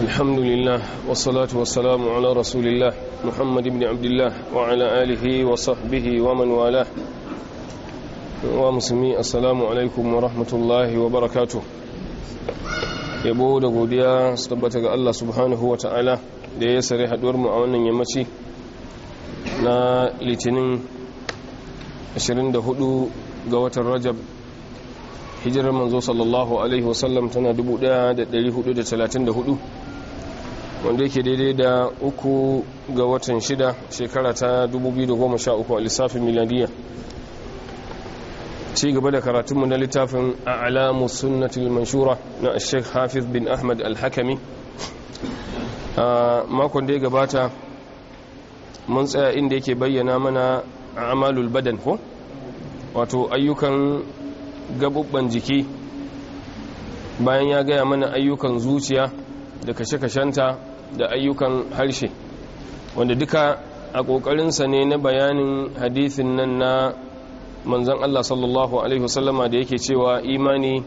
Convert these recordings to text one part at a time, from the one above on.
الحمد لله والصلاة والسلام على رسول الله محمد بن عبد الله وعلى آله وصحبه ومن والاه ومسلمي السلام عليكم ورحمة الله وبركاته yabo da godiya su tabbata ga Allah subhanahu wa ta'ala da ya sare haduwar mu a wannan yammaci na litinin 24 ga watan rajab hijirar manzo sallallahu alaihi wasallam tana 1434 wanda yake daidai da uku ga watan shida shekara ta 2013 a lissafin miladiyya ci gaba da karatunmu na littafin a a'lamu sunnatul manshura na sheikh hafiz bin ahmad al-hakami a makon da ya gabata mun tsaya inda yake bayyana mana a amalul badan ko wato ayyukan gabubban jiki bayan ya gaya mana ayyukan zuciya da kashe-kashenta da ayyukan harshe wanda duka a ƙoƙarinsa ne na bayanin hadithin nan na manzan Allah sallallahu Alaihi wasallama da yake cewa imani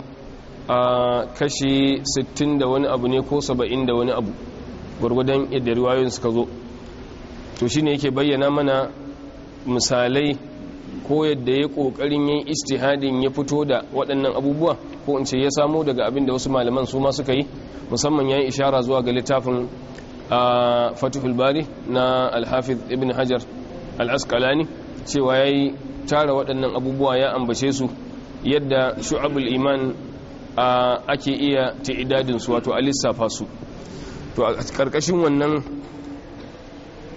a kashi 60 da wani abu ne ko 70 da wani abu gwargwadon yadda riwayoyin suka zo to shi ne yake bayyana mana misalai ko yadda ya kokarin yin istihadin ya fito da waɗannan abubuwa ko in ce ya samo daga abin da wasu malaman su ma suka yi musamman ya yi ishara zuwa ga littafin fatihul bari na alhafiz ibn hajar al'askalani cewa ya yi tara waɗannan abubuwa ya ambace su yadda shu'abul iman ake iya su wato a lissafa su to a ƙarƙashin wannan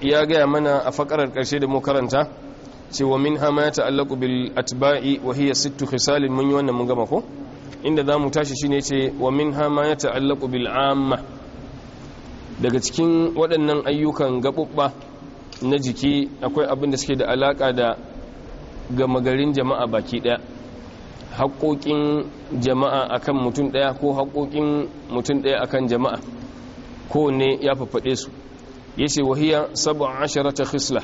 ya gaya mana a fakarar ƙarshe da mu karanta ce wa min hama ya ta'allaku bil atba'i wa hiya sittu khisalin mun yi wannan mun gama ko inda zamu tashi shine ce wa min hama ya ta'allaku bil amma daga cikin waɗannan ayyukan gabubba na jiki akwai abin da suke da alaka da gama garin jama'a baki ɗaya haƙoƙin jama'a akan mutum daya ko haƙoƙin mutum daya akan jama'a ko ne ya fafaɗe su yace ashirar 17 khisla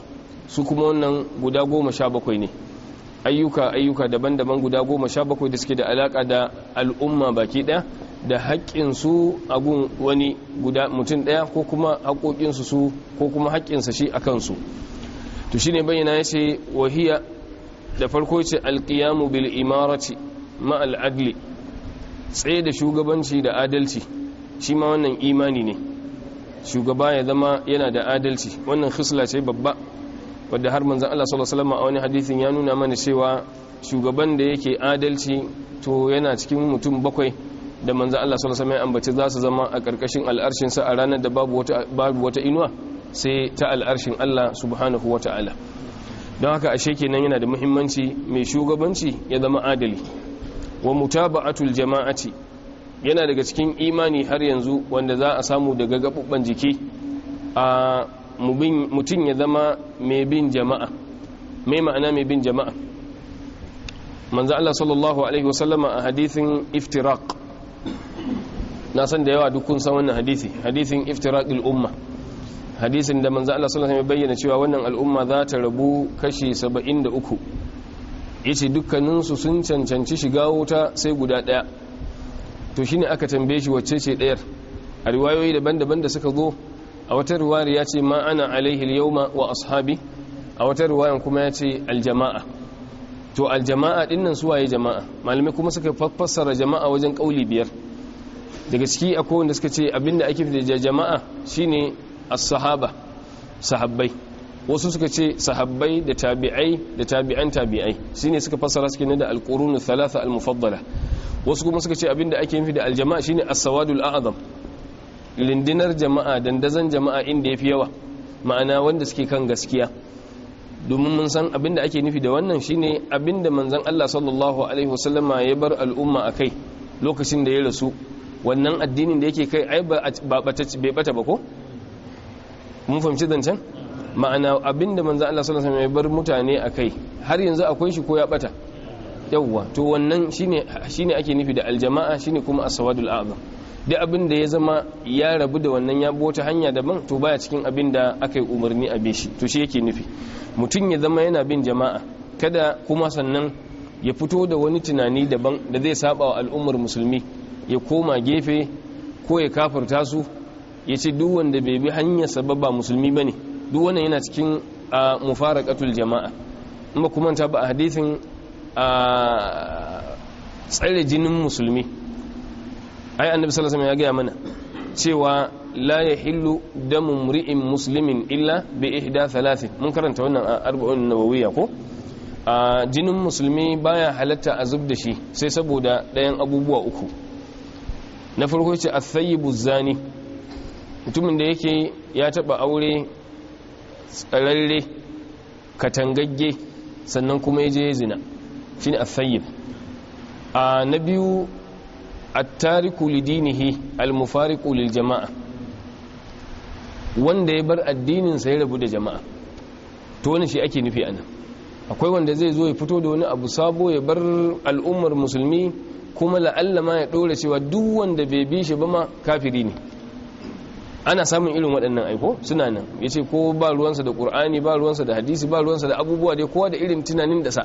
su kuma wannan guda goma sha bakwai ne ayyuka ayyuka daban-daban guda goma sha bakwai da suke da alaka da al'umma baki ɗaya da haƙƙinsu a gun wani guda mutum ɗaya ko kuma haƙoƙinsu su ko kuma haƙƙinsa shi a kansu to shi ne bayyana ya ce wahiya da farko ce alƙiyamu bil imarati ma al'adli tsaye da shugabanci da adalci shi ma wannan imani ne shugaba ya zama yana da adalci wannan khisla ce babba wadda har manzan Allah sallallahu a wani hadisin ya nuna mana cewa shugaban da yake adalci to yana cikin mutum bakwai da manzan Allah sallallahu alaihi wasallam ya ambaci za su zama a karkashin al'arshin sa a ranar da babu wata babu wata inuwa sai ta al'arshin Allah subhanahu wataala don haka ashe kenan yana da muhimmanci mai shugabanci ya zama adali wa mutaba'atul jama'ati yana daga cikin imani har yanzu wanda za a samu daga gabubban jiki a mutum ya zama mai bin jama'a mai ma'ana mai bin jama'a manzo Allah sallallahu alaihi wasallama a hadithin iftiraq na san da yawa dukkan san wannan hadisi hadithin iftiraqil umma hadisin da manzo Allah sallallahu alaihi wasallam bayyana cewa wannan al'umma za ta rabu kashi 73 yace dukkanin su sun cancanci shiga wuta sai guda daya to shine aka tambaye shi wacce ce dayar a riwayoyi daban-daban da suka zo a wata ruwayar ya ce ma ana yauma wa ashabi a wata ruwayar kuma ya ce aljama'a to aljama'a dinnan suwaye jama'a malamai kuma suka fassara jama'a wajen kauli biyar daga ciki akwai wanda suka ce abinda ake fi da jama'a shine as-sahaba sahabbai wasu suka ce sahabbai da tabi'ai da tabi'an tabi'ai shine suka fassara suke ne da al-qurunu thalatha al-mufaddala wasu kuma suka ce abinda ake nufi da aljama'a shine as-sawadul a'zam lindinar jama'a dandazon jama'a inda ya fi yawa ma'ana wanda suke kan gaskiya domin mun san abin da ake nufi da wannan shine abin da manzon Allah sallallahu alaihi wasallama ya bar al'umma a kai lokacin da ya rasu wannan addinin da yake kai ai ba bai bata ba ko mun fahimci zancen ma'ana abin da manzon Allah sallallahu alaihi wasallama ya bar mutane a kai har yanzu akwai shi ko ya bata yawwa to wannan shine shine ake nufi da aljama'a shine kuma as a'zam duk abin da ya zama ya rabu da wannan ya wata hanya daban to baya cikin abin da aka yi umarni a shi to shi yake nufi mutum ya zama yana bin jama'a kada kuma sannan ya fito da wani tunani daban da zai saba wa al'ummar musulmi ya koma gefe ko ya kafarta su ya ce duk wanda bai bi hanyar sababa musulmi ba ne wannan yana cikin a katul jama'a kuma kuma ta ba a hadisin a tsare jinin musulmi ai annabi sallallahu alaihi wasallam ya gaya mana cewa la yahillu damu mri'in muslimin illa bi ihda thalathin mun karanta wannan a arba'un nawawiyya ko a jinin musulmi baya halatta a zub da shi sai saboda ɗayan abubuwa uku na farko ce sayyibu zani mutumin da yake ya taɓa aure tsararre katangagge sannan kuma ya je zina shine sayyib a na biyu attariku tariku lidinihi al lil jama'a wanda ya bar addinin sa ya rabu da jama'a to wannan shi ake nufi anan akwai wanda zai zo ya fito da wani abu sabo ya bar al'ummar musulmi kuma la'alla ma ya dora cewa duk wanda bai bi shi ba ma kafiri ne ana samun irin waɗannan aiko suna nan ya ce ko ba ruwansa da ƙur'ani ba ruwansa da hadisi ba ruwansa da abubuwa dai kowa da irin tunanin da sa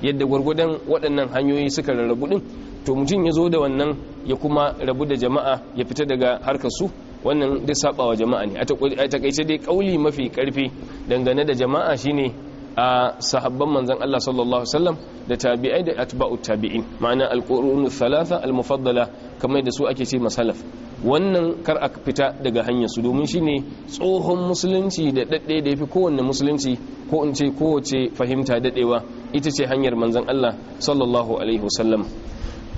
yadda gwargwadon waɗannan hanyoyi suka rarrabu ɗin to mutum ya zo da wannan ya kuma rabu da jama'a ya fita daga harkarsu. su wannan duk sabawa jama'a ne a takaice dai kauli mafi karfi dangane da jama'a shine a sahabban manzon Allah sallallahu alaihi wasallam da tabi'ai da atba'u tabi'in ma'ana alqurunu thalatha mufaddala kamar da su ake ce masalaf wannan kar a fita daga hanyar su domin shine tsohon musulunci da dadde da yafi kowanne musulunci ko in ce kowace fahimta dadewa ita ce hanyar manzon Allah sallallahu alaihi wasallam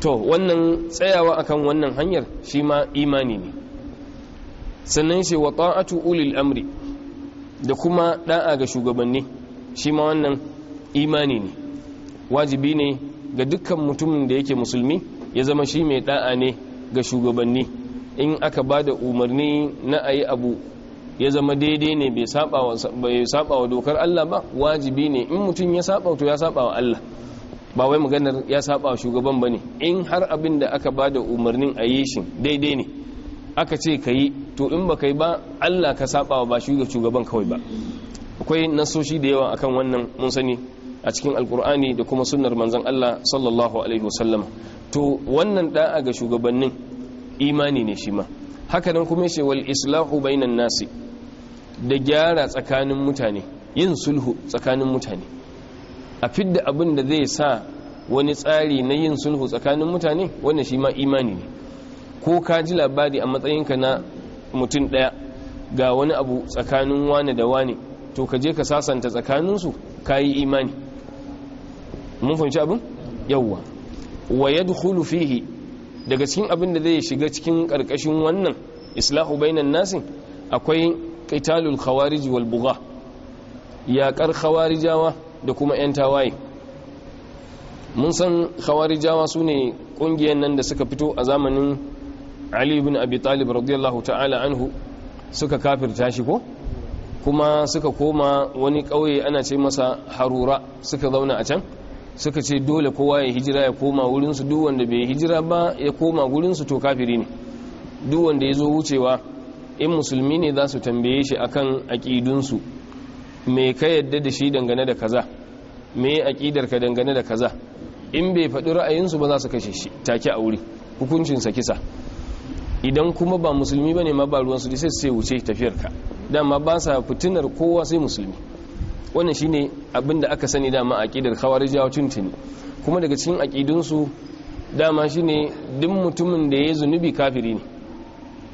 to wannan tsayawa akan wannan hanyar shi ma imani ne sannan shi wa ta'atu ulil amri da kuma da'a ga shugabanni shi ma wannan imani ne wajibi ne ga dukkan mutumin da yake musulmi ya zama shi mai da'a ne ga shugabanni in aka ba da umarni na ayi abu ya zama daidai ne bai saba wa dokar Allah ba wajibi ne in mutum ya saba to ya saba wa Allah ba wai maganar ya saba shugaban ba ne in har abin da aka ba da umarnin a yi shi daidai ne aka ce ka yi to in ba ka yi ba Allah ka saba ba shugaban kawai ba akwai nasoshi da yawa akan wannan mun sani a cikin alkur'ani da kuma sunnar manzan Allah sallallahu alaihi wasallam to wannan da'a ga shugabannin imani ne shi ma haka nan kuma yace wal islahu bainan nasi da gyara tsakanin mutane yin sulhu tsakanin mutane a fidda abin da zai sa wani tsari na yin sulhu tsakanin mutane wannan shi ma imani ne ko ka ji labari a matsayinka na mutum ɗaya ga wani abu tsakanin wane da wane to ka je ka sasanta tsakaninsu ka yi imani mun fahimci abin yawwa wa hulu fihi daga cikin abin da zai shiga cikin karkashin wannan islahu bainan nasin akwai ƙitalul khawarij wal buga ya khawarijawa da kuma 'yan tawaye mun san khawarijawa su ne ƙungiyar nan da suka fito a zamanin ali ibn abi talib radiyallahu ta'ala anhu suka kafirta shi ko kuma suka koma wani ƙauye ana ce masa harura suka zauna a can suka ce dole kowa ya hijira ya koma wurinsu duk wanda bai hijira ba ya koma wurinsu to kafiri ne duk wanda ya zo wucewa in musulmi ne za su tambaye shi akan aƙidunsu me ka yadda da shi dangane da kaza me aqidar ka dangane da kaza in bai faɗi ra'ayinsu ba za su kashe shi take a wuri hukuncinsa kisa idan kuma ba musulmi bane ma ba ruwan da sai sai wuce tafiyar ka dama ba sa fitinar kowa sai musulmi wannan shine abin da aka sani dama aqidar khawarijawa tuntuni kuma daga cikin su dama shine duk mutumin da yayi zunubi kafiri ne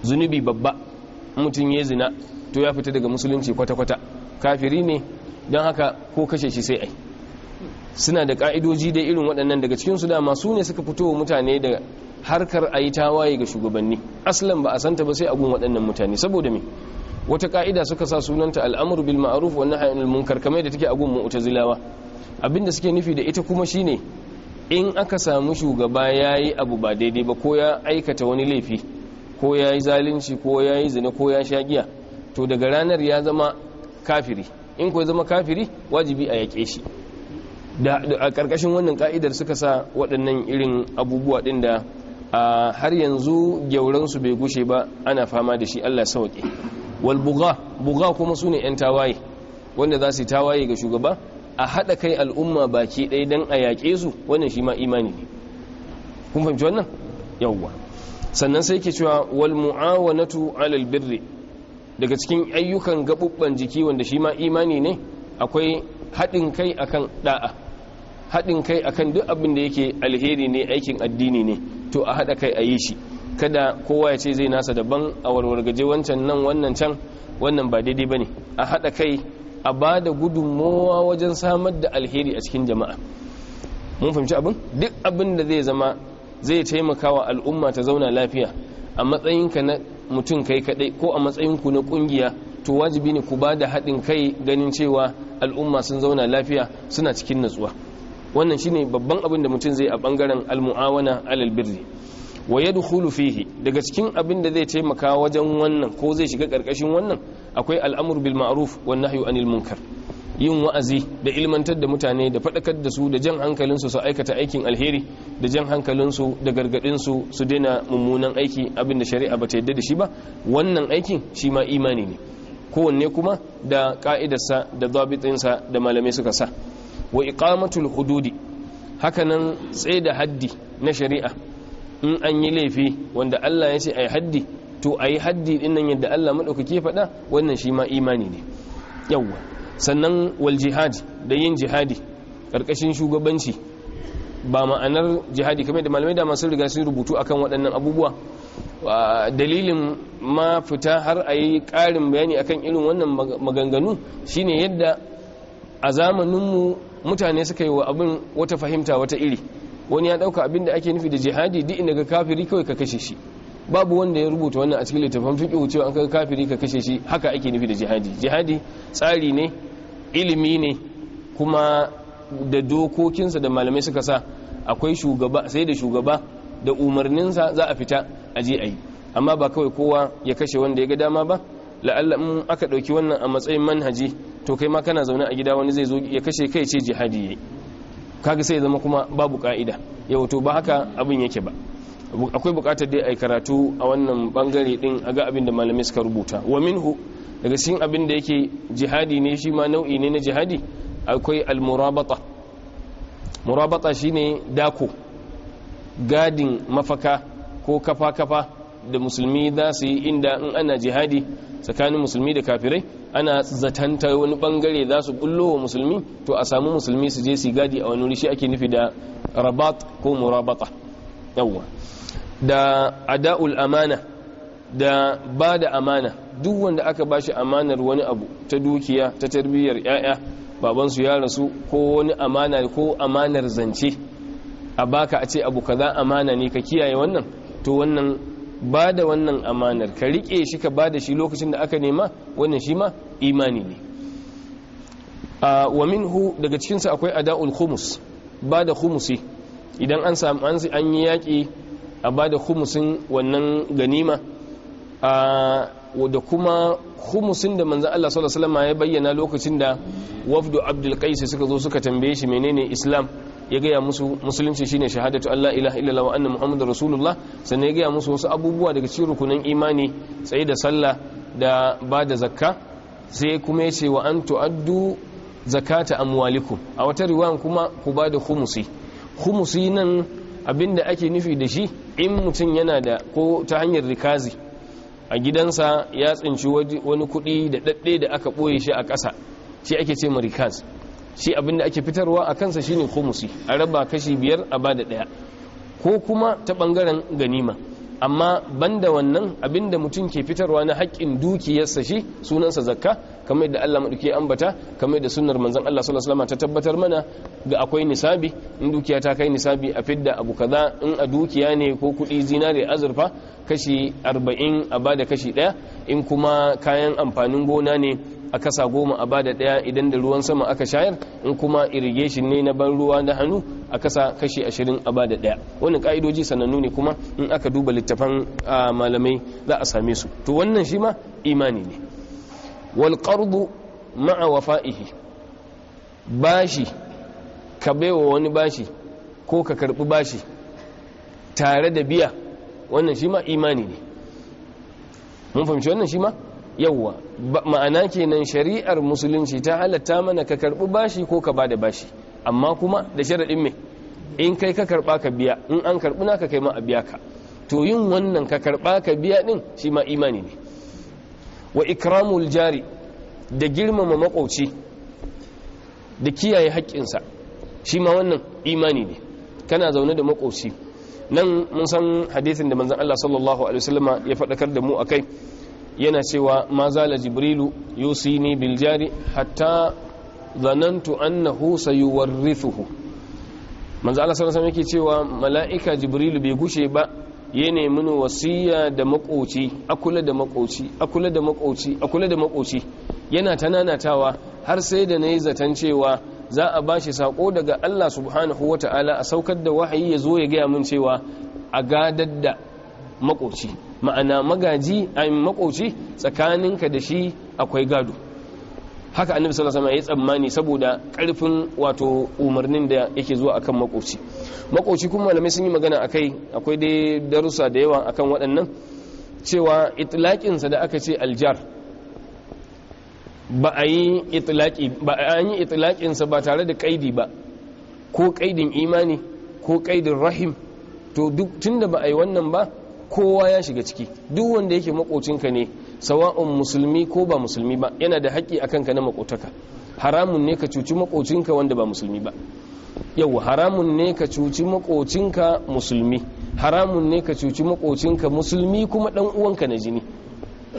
zunubi babba mutum yayi zina to ya fita daga musulunci kwata-kwata kafiri ne don haka ko kashe shi sai ai suna da ka'idoji da irin waɗannan daga cikin su dama su ne suka fito mutane da harkar a yi tawaye ga shugabanni aslan ba a santa ba sai gun waɗannan mutane saboda me wata ka'ida suka sa sunanta al'amur bil ma'ruf wa nahyi anil munkar kamar da take a gun mu'tazilawa abinda suke nufi da ita kuma shine in aka samu shugaba yayi abu ba daidai ba ko ya aikata wani laifi ko yayi zalunci ko yayi zina ko ya sha giya to daga ranar ya zama kafiri in ko zama kafiri wajibi a yaƙe shi a ƙarƙashin wannan ka'idar suka sa waɗannan irin abubuwa ɗin da har yanzu gyauransu bai gushe ba ana fama da shi allah sauƙi wal buga buga kuma su ne 'yan tawaye wanda za su tawaye ga shugaba a haɗa kai al'umma baki ɗaya don a yaƙe su wannan shi ma imani ne kun fahimci wannan yawwa sannan sai ke cewa wal mu'awanatu alal birri daga cikin ayyukan gabubban jiki wanda shi ma imani ne akwai haɗin kai akan ɗa'a haɗin kai akan duk abin da yake alheri ne aikin addini ne to a haɗa kai a yi shi kada kowa ya ce zai nasa daban a warwargaje wancan nan wannan can wannan ba daidai ba ne a haɗa kai a ba da gudunmowa wajen samar da alheri a cikin jama'a mun fahimci abin duk abin da zai zama zai taimaka wa al'umma ta zauna lafiya a matsayinka na mutum kai kadai ko a matsayin ku na kungiya to wajibi ne ku ba da haɗin kai ganin cewa al'umma sun zauna lafiya suna cikin natsuwa wannan shine babban abin da mutum zai a bangaren almu'awana alal birri wa yadkhulu fihi daga cikin abin da zai taimaka wajen wannan ko zai shiga karkashin wannan akwai al'amur bil ma'ruf wan nahyu anil munkar yin wa'azi da ilmantar da mutane da faɗakar da su da jan hankalinsu su aikata aikin alheri da jan hankalinsu da gargaɗinsu su daina mummunan aiki abin da shari'a ba ta yadda da shi ba wannan aikin shi ma imani ne kowanne kuma da ka'idarsa da zabitinsa da malamai suka sa wa iqamatul hududi hakanan tsaye da haddi na shari'a in an yi laifi wanda Allah ya ce ai haddi to ai haddi dinnan yadda Allah madaukake faɗa wannan shi ma imani ne yawwa sannan wal jihad da yin jihadi karkashin shugabanci ba ma'anar jihadi kamar da malamai da masu riga sun rubutu akan waɗannan abubuwa dalilin ma fita har a yi ƙarin bayani akan irin wannan maganganu shine yadda a zamaninmu mutane suka yi wa abin wata fahimta wata iri wani ya ɗauka abin da ake nufi da jihadi duk inda ga kafiri kawai ka kashe shi babu wanda ya rubuta wannan a cikin littafin fiƙi wucewa an kafiri ka kashe shi haka ake nufi da jihadi jihadi tsari ne ilimi ne kuma da dokokinsa da malamai suka sa akwai shugaba sai da shugaba da umarninsa za a fita a je a yi amma ba kawai kowa ya kashe wanda ya ga dama ba la'alla in aka ɗauki wannan a matsayin manhaji to kai ma kana zaune a gida wani zai zo ya kashe kai ce jihadi yayi kaga sai ya zama kuma babu ka'ida yau to ba haka abin yake ba akwai bukatar dai a karatu a wannan bangare din a ga abin da malamai suka rubuta wa minhu daga cikin abin da yake jihadi ne shi ma nau'i ne na jihadi akwai almurabata murabata shine dako gadin mafaka ko kafa-kafa da musulmi za su yi inda in ana jihadi tsakanin musulmi da kafirai ana zatanta wani bangare za su bullo wa musulmi to a samu musulmi su je su gadi a wani wuri shi ake nufi da rabat ko murabata yawwa da ada'ul amana da ba da amana duk wanda aka ba shi amanar wani abu ta dukiya ta tarbiyyar 'ya'ya babansu ya rasu ko wani amana ko amanar zance a baka a ce abu kaza amana ne ka kiyaye wannan to wannan ba da wannan amanar ka riƙe shi ka ba da shi lokacin da aka nema wannan shi ma imani ne wamin hu daga cikinsa akwai ada'ul khumus ba da khumusi idan an samu an yi yaƙi a ba da humusin wannan ganima da kuma humusin da manzan Allah sallallahu Alaihi wasallam ya bayyana lokacin da wafdu abdul suka zo suka tambaye shi menene islam ya gaya musu musulunci shine shahadatu Allah ilaha illallah wa anna muhammadar rasulullah sannan ya gaya musu wasu abubuwa daga cikin rukunan imani tsaye da sallah da ba da zakka sai kuma ya ce wa an tu'addu zakata amwalikum a wata riwayan kuma ku ba da humusi humusi nan abinda ake nufi da shi in mutum yana da ko ta hanyar rikazi a gidansa ya tsinci wani kuɗi da ɗaɗɗe da aka ɓoye shi a ƙasa shi ake ce ma rikaz shi abinda ake fitarwa a kansa shine komusi a raba kashi biyar a ba da ɗaya ko kuma ta ɓangaren ganima amma banda wannan abinda mutum ke fitarwa na haƙƙin dukiyarsa shi sunansa zakka kamar yadda Allah maduke ambata kamar yadda sunnar manzon Allah sallallahu alaihi ta tabbatar mana ga akwai nisabi in dukiya ta kai nisabi a fidda abu kaza in a dukiya ne ko kuɗi zinare azurfa kashi 40 a bada kashi 1 in kuma kayan amfanin gona ne a kasa goma a bada daya idan da ruwan sama aka shayar in kuma irrigation ne na ban ruwa da hannu a kasa kashi ashirin a bada daya wani ka'idoji sanannu ne kuma in aka duba littafan malamai za a same su to wannan shi ma imani ne wal qardu ma'a wafa'ihi bashi ka baiwa wani bashi ko ka karbi bashi tare da biya wannan shi ma imani ne mun fahimci wannan shi ma yauwa ma'ana kenan shari'ar musulunci ta halatta mana ka karbi bashi ko ka bada bashi amma kuma da sharaɗin me in kai ka karba ka biya in an karbi naka kai ma a biya ka to yin wannan ka karba ka biya din shi ma imani ne wa ikramul jari da girmama makwauci da kiyaye haƙƙinsa shi ma wannan imani ne kana zaune da makwauci nan mun san hadisin da manzon Allah sallallahu alaihi wasallama ya faɗakar da mu akai yana cewa ma zala jibrilu yusini bil jari hatta zanantu annahu sayuwarrithuhu manzo Allah sallallahu alaihi yake cewa mala'ika jibrilu bai gushe ba ya nemi wasiya da makoci akula da makoci akula da makoci akula da makoci yana tananatawa har sai da nayi zaton cewa za a bashi sako daga Allah subhanahu wataala a saukar da wahayi ya zo ya gaya min cewa a gadar da makoci ma'ana magaji a makoci tsakaninka da shi akwai gado haka annabi sallallahu alaihi wasallam ya tsammani saboda karfin wato umarnin da yake zuwa akan makoci makoci kuma malamai sun yi magana akai akwai dai darussa da yawa akan waɗannan cewa itlaqin sa da aka ce aljar ba a yi itlaqi ba a yi itlaqin sa ba tare da kaidi ba ko kaidin imani ko kaidin rahim to duk tunda ba a yi wannan ba kowa ya shiga ciki duk wanda yake makocinka ne sawa'un musulmi ko ba musulmi ba yana da haƙƙi akan ka na makotaka haramun ne ka cuci makocinka wanda ba musulmi ba yau haramun ne ka cuci makocinka musulmi haramun ne ka cuci makocinka musulmi kuma dan uwanka na jini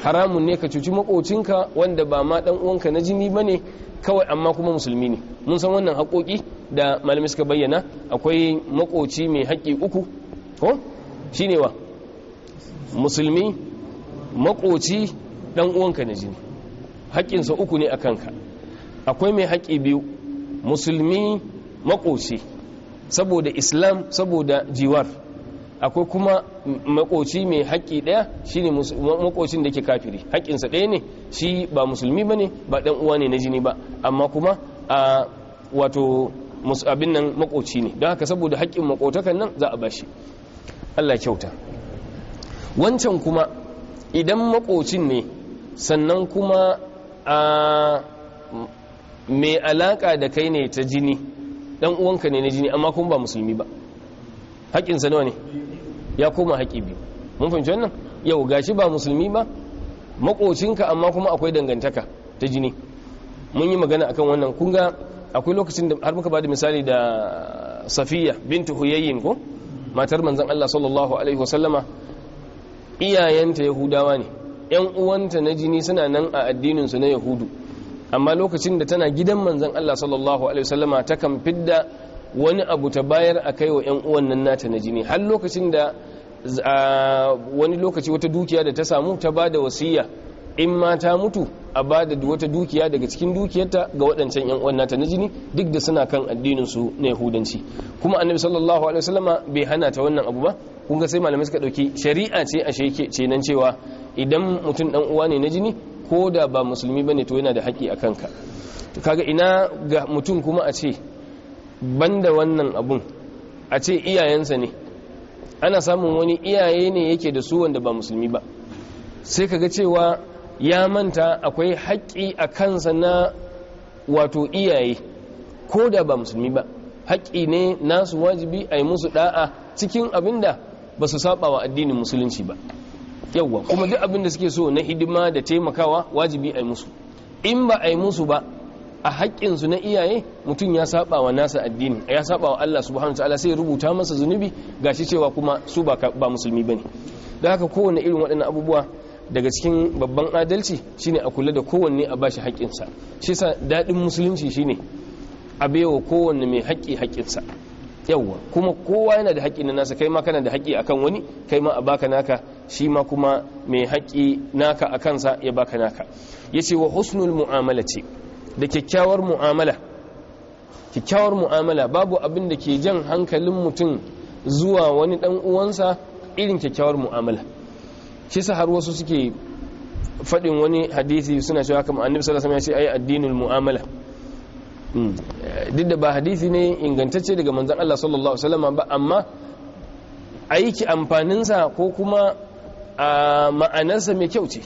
haramun ne ka cuci makocinka wanda ba ma dan uwanka na jini ba ne kawai amma kuma musulmi ne mun san wannan haƙoƙi da malami suka bayyana akwai makoci mai haƙƙi uku ko shine wa musulmi makoci dan uwanka na jini haƙƙinsa uku ne a kanka akwai mai haƙƙi biyu musulmi makoci saboda islam saboda jiwar akwai kuma makoci mai haƙƙi ɗaya shi ne makocin da ke kafiri haƙƙinsa ɗaya ne shi ba musulmi ba ne ba ɗan uwa ne na jini ba amma kuma a wato abin nan makoci ne don haka saboda haƙƙin makotakan nan za a bashi allah kyauta wancan kuma idan makocin ne sannan kuma a mai alaka da kai ne ta jini dan uwanka ne na jini amma kuma ba musulmi ba haƙƙinsa nawa ne ya koma haƙƙi biyu mun fahimci wannan yau gashi ba musulmi ba makocinka amma kuma akwai dangantaka ta jini mun yi magana akan wannan kun ga akwai lokacin da har muka bada misali da safiya bintu huyayyin ko matar manzon Allah sallallahu alaihi wasallama iyayenta yahudawa ne yan uwanta na jini suna nan a addininsu na yahudu amma lokacin da tana gidan manzan Allah sallallahu alaihi wasallama ta kan fidda wani abu ta bayar a kai wa yan uwan nan nata na jini har lokacin da wani lokaci wata dukiya da ta samu ta bada wasiya in ma ta mutu a bada wata dukiya daga cikin dukiyarta ga waɗancan yan uwan nata na jini duk da suna kan addininsu na yahudanci kuma annabi sallallahu alaihi wasallama bai hana ta wannan abu ba kun sai malamai suka dauki shari'a ce a sheke ce nan cewa idan mutum dan uwa ne na jini ko da ba musulmi bane to yana da haƙi a kanka to kaga ina ga mutum kuma a ce banda wannan abun a ce iyayensa ne ana samun wani iyaye ne yake da su wanda ba musulmi ba sai kaga cewa ya manta akwai haƙi a kansa na wato iyaye ko da ba musulmi ba haƙi ne nasu wajibi a yi musu ɗa'a cikin abinda ba su saba wa addinin musulunci ba yawwa kuma duk abin da suke so na hidima da taimakawa wajibi a yi musu in ba a yi musu ba a haƙƙinsu na iyaye mutum ya saba wa nasa addini ya saba wa Allah subhanahu ta'ala sai rubuta masa zunubi gashi cewa kuma su ba ba musulmi bane da haka kowanne irin waɗannan abubuwa daga cikin babban adalci shine a kula da kowanne a bashi haƙƙinsa shi daɗin musulunci shine a baiwa kowanne mai haƙƙi haƙƙinsa yawwa kuma kowa yana da haƙƙi na nasa kai ma kana da haƙƙi akan wani kai ma a baka naka shi ma kuma mai haƙƙi naka a kansa ya baka naka ya ce wa husnul mu'amala ce da kyakkyawar mu'amala kyakkyawar mu'amala babu abin da ke jan hankalin mutum zuwa wani ɗan uwansa irin kyakkyawar mu'amala kisa har wasu suke faɗin wani hadisi suna cewa kamar annabi sallallahu alaihi wasallam ya ce ai addinul mu'amala hmm. duk da ba hadisi ne ingantacce daga manzan Allah sallallahu Alaihi ba amma aiki amfaninsa ko kuma a ma'anarsa mai kyau ce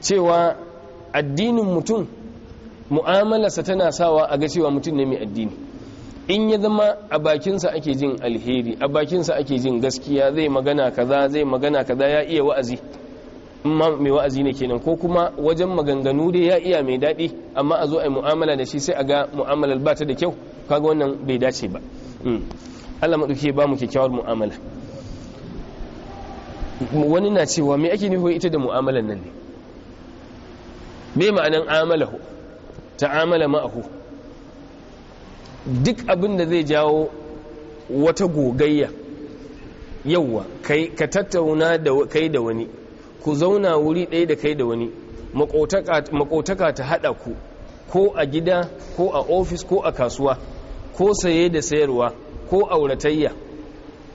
cewa addinin mutum mu'amalarsa tana sawa a ga cewa mutum ne mai addini in ya zama a bakinsa ake jin alheri a bakinsa ake jin gaskiya zai magana kaza zai magana kaza ya iya wa'azi ma mai wa'azi ne kenan ko kuma wajen maganganu dai ya iya mai daɗi amma a zo a yi mu'amala da shi sai a ga mu'amalar ba ta da kyau kaga wannan bai dace ba hmm. Allah maɗauki ba mu kyakkyawar mu'amala wani na cewa me ake nufi ita da mu'amalan nan ne me ma'anan ta amala ma'ahu duk abin da zai jawo wata gogayya yauwa ka tattauna da kai da wani ku zauna wuri ɗaya da kai da wani makotaka ta haɗa ku ko a gida ko a ofis ko a kasuwa ko saye da sayarwa ko auratayya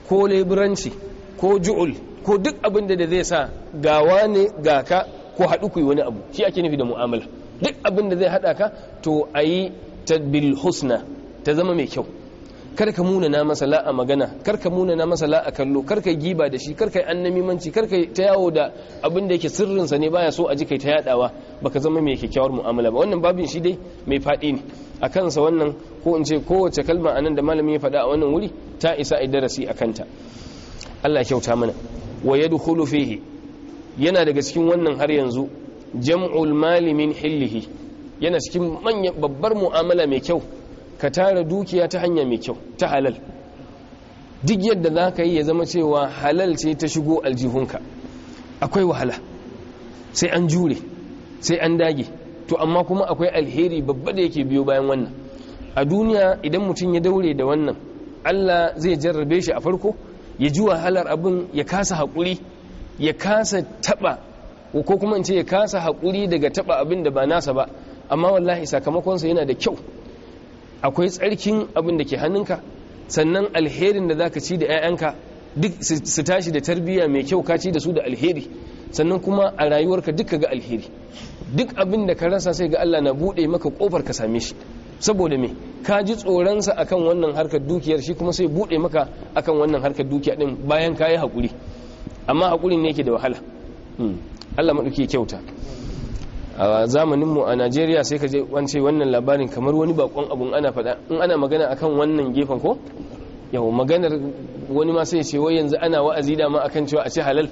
ko leburanci ko ju'ul ko duk abin da zai sa gawa ne ga ka ko haɗu ku yi wani abu shi ake nufi da mu'amala duk abin da zai haɗa ka to a yi ta husna ta zama mai kyau kar ka munana masa a magana kar ka munana masa a kallo kar ka giba da shi kar ka manci kar ka ta yawo da abin da yake sirrinsa ne baya so a ji kai ta yadawa baka zama mai kyakkyawar mu'amala ba wannan babin shi dai mai fadi ne a kansa wannan ko in ce kowace kalma anan da malamin ya fada a wannan wuri ta isa a darasi a kanta Allah kyauta mana wa yadkhulu fihi yana daga cikin wannan har yanzu jam'ul malimin hillihi yana cikin manyan babbar mu'amala mai kyau ka tara dukiya ta hanya mai kyau ta halal duk yadda za ka yi ya zama cewa halal ce ta shigo aljihunka akwai wahala sai an jure sai an dage to amma kuma akwai alheri babba da yake biyo bayan wannan a duniya idan mutum ya daure da wannan allah zai jarrabe shi a farko ya ji wahalar abin ya kasa haƙuri ya kasa taɓa ko kuma in ce ya kasa haƙuri daga taɓa abin da ba nasa ba amma wallahi sakamakonsa yana da kyau akwai tsarkin abin da ke hannunka sannan alherin da zaka ci da 'ya'yanka duk su tashi da tarbiyya mai kyau ka ci da su da alheri sannan kuma a rayuwarka duk ka ga alheri duk abin da ka rasa sai ga Allah na bude maka kofar ka same shi saboda me ka ji tsoronsa akan wannan harkar dukiyar shi kuma sai bude maka akan wannan harkar dukiya din bayan ka yi haƙuri amma haƙurin ne yake da wahala hmm. Allah kyauta a zamanin mu a Najeriya sai ka je wance wannan labarin kamar wani bakon abun ana faɗa in ana magana akan wannan gefen ko yau maganar wani ma sai ce wai yanzu ana wa'azi da ma akan cewa a ce halal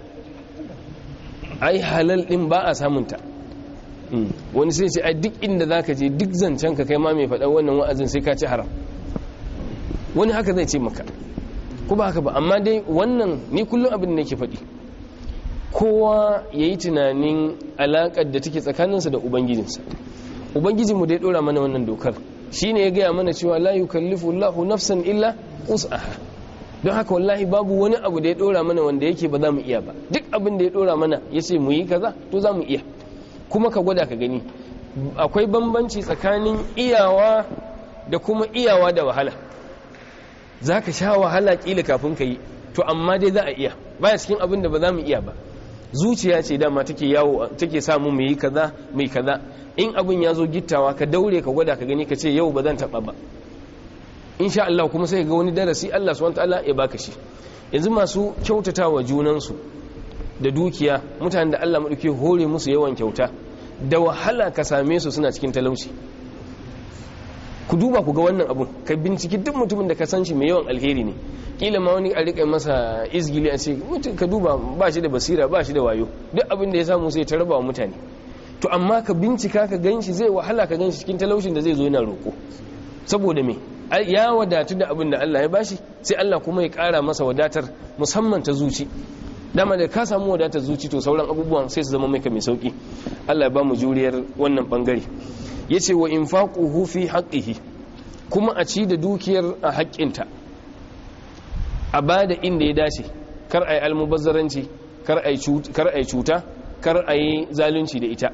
ai halal din ba a samunta hmm. wani sai ce ai duk inda za ka je duk zancen ka kai ma mai faɗa wannan wa'azin sai ka ci haram wani haka zai ce maka ko ba haka ba amma dai wannan ni kullum abin da nake faɗi kowa ya yi tunanin alaƙar da take tsakaninsa da ubangijinsa ubangijinmu da ya ɗora mana wannan dokar shi ne ya gaya mana cewa layu kallifu allahu nafsan illa us'aha don haka wallahi babu wani abu da ya ɗora mana wanda yake ba za mu iya ba duk abin da ya ɗora mana ya ce mu yi kaza to za mu iya kuma ka gwada ka gani akwai bambanci tsakanin iyawa da kuma iyawa da wahala za ka sha wahala kila kafin ka yi to amma dai za a iya baya cikin abin da ba za mu iya ba zuciya ce dama take yawo take samu mu yi kaza mai kaza in abin ya zo gittawa ka daure ka gwada ka gani ka ce yau ba zan taɓa ba insha Allah kuma sai ga wani darasi Allah subhanahu wataala ya baka shi yanzu masu kyautatawa junansu da dukiya mutanen da Allah madauke hore musu yawan kyauta da wahala ka same su suna cikin talauci ku duba ku ga wannan abun ka binciki duk mutumin da ka san shi mai yawan alheri ne kila ma wani a rika masa izgili a ce ka duba ba shi da basira ba shi da wayo duk abin da ya samu sai ta raba wa mutane to amma ka bincika ka gan shi zai wahala ka gan shi cikin talaushin da zai zo yana roƙo saboda me ya wadatu da abin da Allah ya bashi sai Allah kuma ya kara masa wadatar musamman ta zuci dama da ka samu wadatar zuci to sauran abubuwan sai su zama mai ka mai sauki Allah ya ba mu juriyar wannan bangare yace wa infaquhu hufi haƙihi kuma a ci da dukiyar a haƙƙinta a bada inda ya dace kar yi almubazzaranci kar a yi cuta kar yi zalunci da ita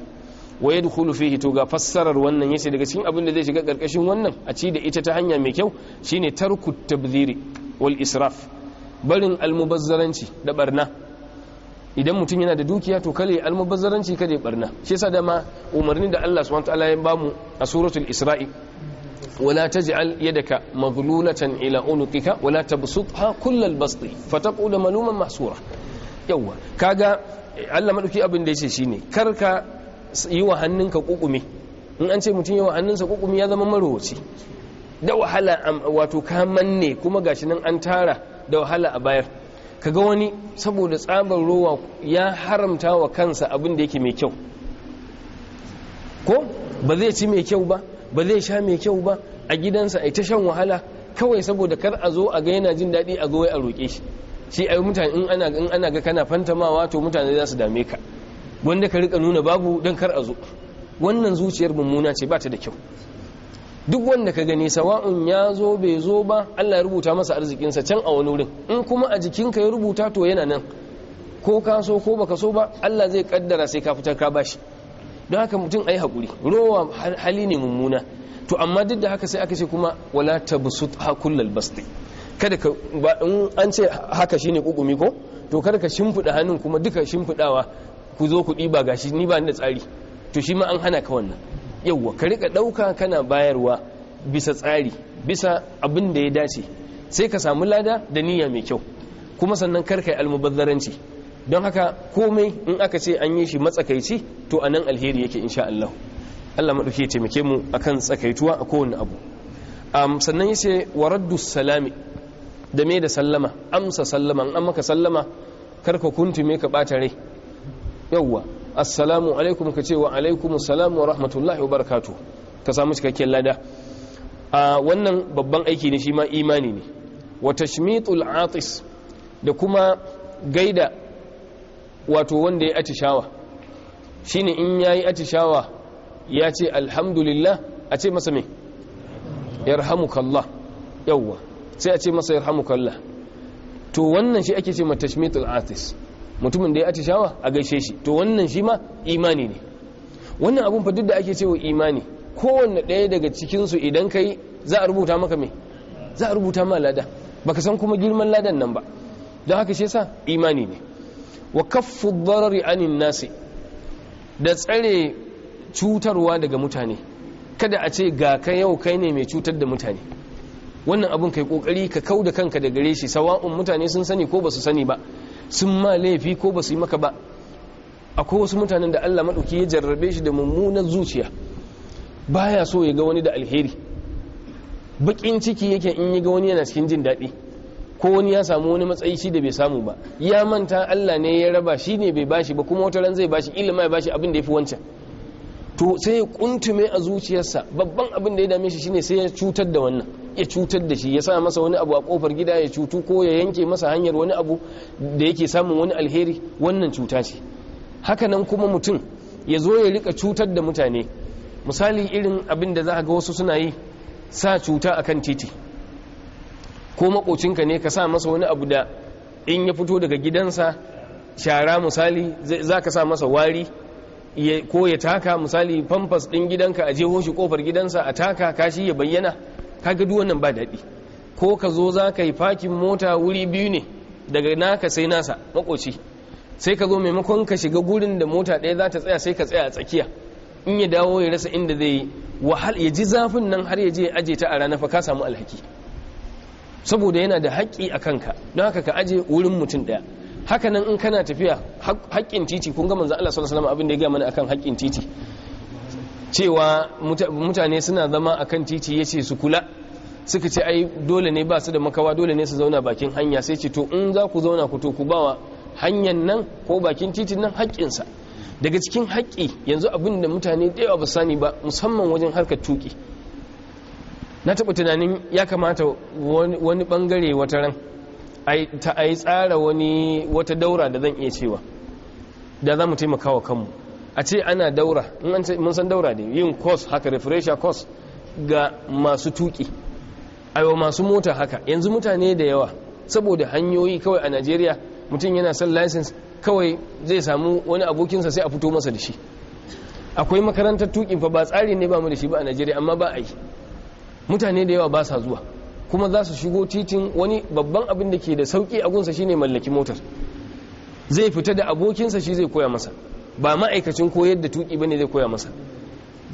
wa dukulu fihi to ga fassarar wannan yace daga cikin abin da zai shiga karkashin wannan a ci da ita ta hanya mai kyau shine tarku tabziri wal israf barin almubazzaranci da barna idan mutum yana da dukiya to kale almubazzaranci kada ya barna shi yasa dama umarnin da Allah subhanahu wataala ya bamu a suratul isra'i wala taj'al yadaka maghlulatan ila unuqika wala tabsutha kullal basti fataqula maluman mahsura yawa kaga Allah madauki abin da yace shine karka yi wa hannunka kukume in an ce mutum yi wa hannunsa kukumi ya zama marowaci da wahala wato ka manne kuma gashi nan an tara da wahala a bayar Ka ga wani saboda tsabar rowa ya haramta wa kansa abin da yake mai kyau ko ba zai ci mai kyau ba ba zai sha mai kyau ba a gidansa a ta shan wahala kawai saboda kar a zo a ga yana jin daɗi a zo a roƙe shi shi a mutane in ana in ana ga kana fantamawa to mutane za su dame ka wanda ka rika nuna babu don kar a zo wannan zuciyar mummuna ce ba ta da kyau duk wanda ka gani sawa'un ya zo bai zo ba Allah ya rubuta masa arzikinsa can a wani wurin in kuma a jikinka ya rubuta to yana nan ko ka so ko baka so ba Allah zai kaddara sai ka fitar ka bashi don haka mutum ayi hakuri rowa hali ne mummuna to amma duk da haka sai aka ce kuma wala ta busu hakullal basti kada ka ba in an ce haka shine kukumi ko to kada ka shimfida hannun kuma duka shimfidawa ku zo ku ɗiba gashi ni ba ni da tsari to shi ma an hana ka wannan yauwa ka rika ɗauka kana bayarwa bisa tsari bisa abin da ya dace sai ka samu lada da niyya mai kyau kuma sannan karka yi almubazzaranci don haka komai in aka ce an yi shi matsakaici to anan alheri yake insha Allah Allah maɗauki ya taimake mu akan tsakaituwa a kowane abu sannan yace wa raddu salami da me da sallama amsa sallama an maka sallama karka kuntume ka bata rai yawwa assalamu alaikum ka ce wa alaikum salamu wa rahmatullahi wa barakatu ka samu cikakken lada a wannan babban aiki ne shi ma imani ne wa tashmitul atis da kuma gaida wato wanda ya atishawa shine in ya yayi atishawa ya ce alhamdulillah a ce masa me yarhamukallah yawwa sai a ce masa yarhamukallah to wannan shi ake ce ma tashmitul atis mutumin da ya shawa a gaishe shi to wannan shi ma imani ne wannan abun fa duk da ake cewa imani kowanne ɗaya daga cikinsu idan kai za a rubuta maka me za a rubuta ma lada baka san kuma girman ladan nan ba don haka shi yasa imani ne wa kaffu darari anin nasi da tsare cutarwa daga mutane kada a ce ga ka yau kai ne mai cutar da mutane wannan abun kai kokari ka kau da kanka da gare shi sawa'un mutane sun sani ko ba su sani ba sun ma laifi ko ba su yi maka ba akwai wasu mutanen da Allah maɗauki ya jarrabe shi da mummunan zuciya baya so ya ga wani da alheri bakin ciki yake in yi ga wani yana cikin jin daɗi ko wani ya samu wani matsayi shi da bai samu ba ya manta Allah ne ya raba shi ne bai bashi ba kuma wata ran zai bashi ilima ya bashi abin da ya fi wancan to sai ya kuntume a zuciyarsa babban abin da ya dame shi shine sai ya cutar da wannan ya cutar da shi ya sa masa wani abu a kofar gida ya cutu ko ya yanke masa hanyar wani abu da yake samun wani alheri wannan cuta ce hakanan kuma mutum ya zo ya rika cutar da mutane misali irin abin da za ga wasu suna yi sa cuta a kan titi ko makocinka ne ka sa masa wani abu da in ya fito daga gidansa shara misali za ka sa masa wari ko ya taka misali famfas ɗin gidanka a jeho shi kofar gidansa a taka kashi ya bayyana kaga duk wannan ba daɗi ko ka zo za ka yi fakin mota wuri biyu ne daga naka sai nasa makoci sai ka zo maimakon ka shiga gurin da mota ɗaya za ta tsaya sai ka tsaya a tsakiya in ya dawo ya rasa inda zai yi wahal ya ji zafin nan har ya je ya aje ta a rana fa ka samu alhaki saboda yana da haƙƙi a kanka don haka ka aje wurin mutum ɗaya haka nan in kana tafiya haƙƙin titi kun ga manzo Allah sallallahu alaihi abin da ya ga mana akan haƙƙin titi cewa mutane suna zama akan titi yace su kula suka ce ai dole ne ba su da makawa dole ne su zauna bakin hanya sai ce to in za ku zauna ku to ku bawa hanyar nan ko bakin titin nan haƙƙinsa daga cikin haƙƙi yanzu abin da mutane da yawa ba sani ba musamman wajen harkar tuƙi na taɓa tunanin ya kamata wani ɓangare wata ran ta yi tsara wani wata daura da zan iya cewa da za mu taimaka wa kanmu a ce ana daura mun san daura ne yin course haka refresher course ga masu tuƙi aiwa masu mota haka yanzu mutane da yawa saboda hanyoyi kawai a najeriya mutum yana son license kawai zai samu wani abokinsa sai a fito masa da shi akwai makarantar tukin fa ba tsari ne ba mu da shi ba a najeriya amma ba a yi mutane da yawa ba sa zuwa kuma za su shigo titin wani babban abin da ke da sauki a gunsa shine mallaki motar zai fita da abokinsa shi zai koya masa ba ma'aikacin koyar da tuki bane zai koya masa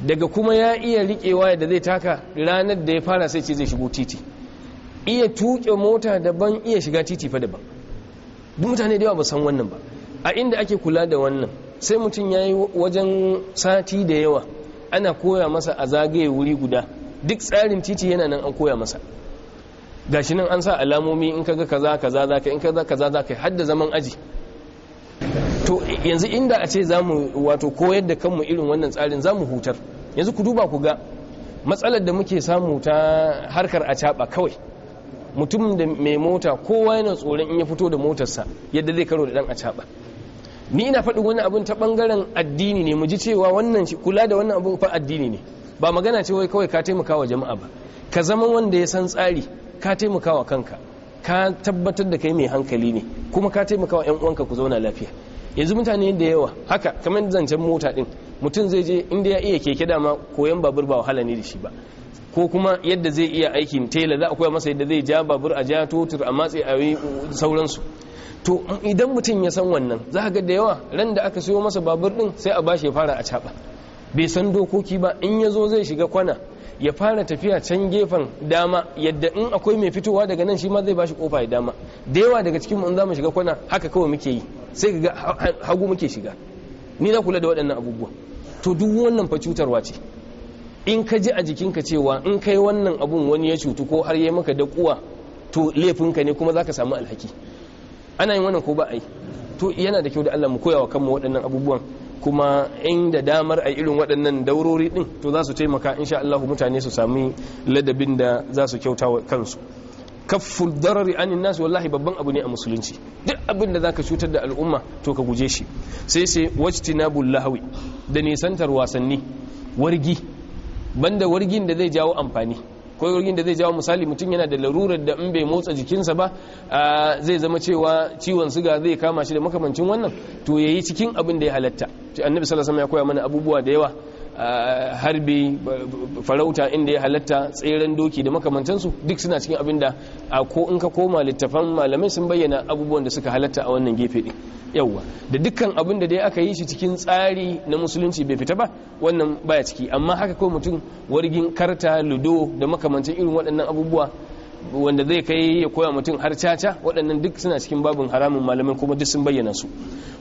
daga kuma ya iya riƙewa da zai taka ranar da ya fara sai ce zai shigo titi iya tuƙe mota daban iya shiga titi fa daban mutane da yawa ba san wannan ba a inda ake kula da wannan sai mutum ya yi wajen sati da yawa ana koya masa a zagaye wuri guda duk tsarin titi yana nan an koya masa shi nan an sa alamomi in kaga kaza kaza zaka in kaza kaza zaka har da zaman aji to yanzu inda a ce za mu wato koyar da kanmu irin wannan tsarin za mu hutar yanzu ku duba ku ga matsalar da muke samu ta harkar a kawai mutum da mai mota kowa yana tsoron in ya fito da motarsa yadda zai karo da dan a ni ina faɗi wani abin ta ɓangaren addini ne mu ji cewa wannan kula da wannan abin fa addini ne ba magana ce wai kawai ka taimaka wa jama'a ba ka zama wanda ya san tsari ka taimaka wa kanka ka tabbatar da kai mai hankali ne kuma ka taimaka wa 'yan uwanka ku zauna lafiya yanzu mutane da yawa haka kamar zancen mota din mutum zai je inda ya iya keke dama koyan babur ba wahala ne da shi ba ko kuma yadda zai iya aikin tela za a koya masa yadda zai ja babur a ja totur a matse a yi sauransu to idan mutum ya san wannan za ga da yawa ran da aka siyo masa babur din sai a bashi ya fara a caba bai san dokoki ba in ya zo zai shiga kwana ya fara tafiya can gefen dama yadda in akwai mai fitowa daga nan shi ma zai bashi kofa ya dama da yawa daga cikin mu in za mu shiga kwana haka kawai muke yi sai ga hagu muke shiga ni na kula da waɗannan abubuwa to duk wannan fa cutarwa ce in ka ji a jikinka cewa in kai wannan abun wani ya cutu ko har ya maka da kuwa to laifinka ne kuma zaka samu alhaki ana yin wannan ko ba a to yana da kyau da Allah mu koya wa kanmu waɗannan abubuwan kuma inda damar a irin waɗannan daurori din to za su taimaka insha Allah mutane su sami ladabin da za su kyauta kansu kafful darari anin nas wallahi babban abu ne a musulunci duk abin da zaka cutar da al'umma to ka guje shi sai sai na lahwi da nisantar wasanni wargi banda wargin da zai jawo amfani ko wargin da zai jawo misali mutum yana da larurar da in bai motsa jikinsa ba zai zama cewa ciwon suga zai kama shi da makamancin wannan to yayi cikin abin da ya halatta annabi sallallahu alaihi wasallam ya koya mana abubuwa da yawa harbi farauta inda ya halatta tseren doki da makamantansu duk suna cikin abin da ko in ka koma littafan malamai sun bayyana abubuwan da suka halatta a wannan gefe ɗin yauwa da dukkan abin da dai aka yi shi cikin tsari na musulunci bai fita ba wannan baya ciki amma haka kawai mutum wargin karta ludo da makamantan irin waɗannan abubuwa wanda zai kai ya koya mutum har caca waɗannan duk suna cikin babin haramun malamai kuma duk sun bayyana su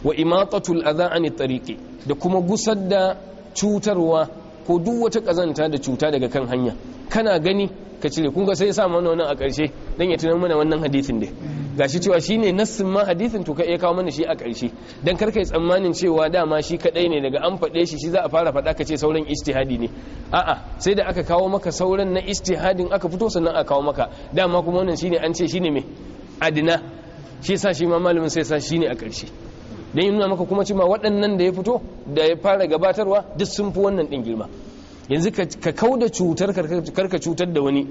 wa imatatul adha anit tariqi da kuma gusar da cutarwa ko duk wata kazanta da cuta daga kan hanya kana gani ka cire kun ga sai ya sa mana wannan a ƙarshe dan ya tunar mana wannan hadisin Ga shi cewa shine nassin ma hadisin to ka iya kawo mana shi a ƙarshe dan karka yi tsammanin cewa dama shi kadai ne daga an faɗe shi shi za a fara faɗa ka ce sauran istihadi ne a'a sai da aka kawo maka sauran na istihadin aka fito sannan a kawo maka dama kuma wannan shine an ce shine me adina shi sa shi ma malamin sai sa shine a ƙarshe don yi nuna maka kuma cima waɗannan da ya fito da ya fara gabatarwa duk sun fi wannan ɗin girma yanzu ka kau da cutar karka cutar da wani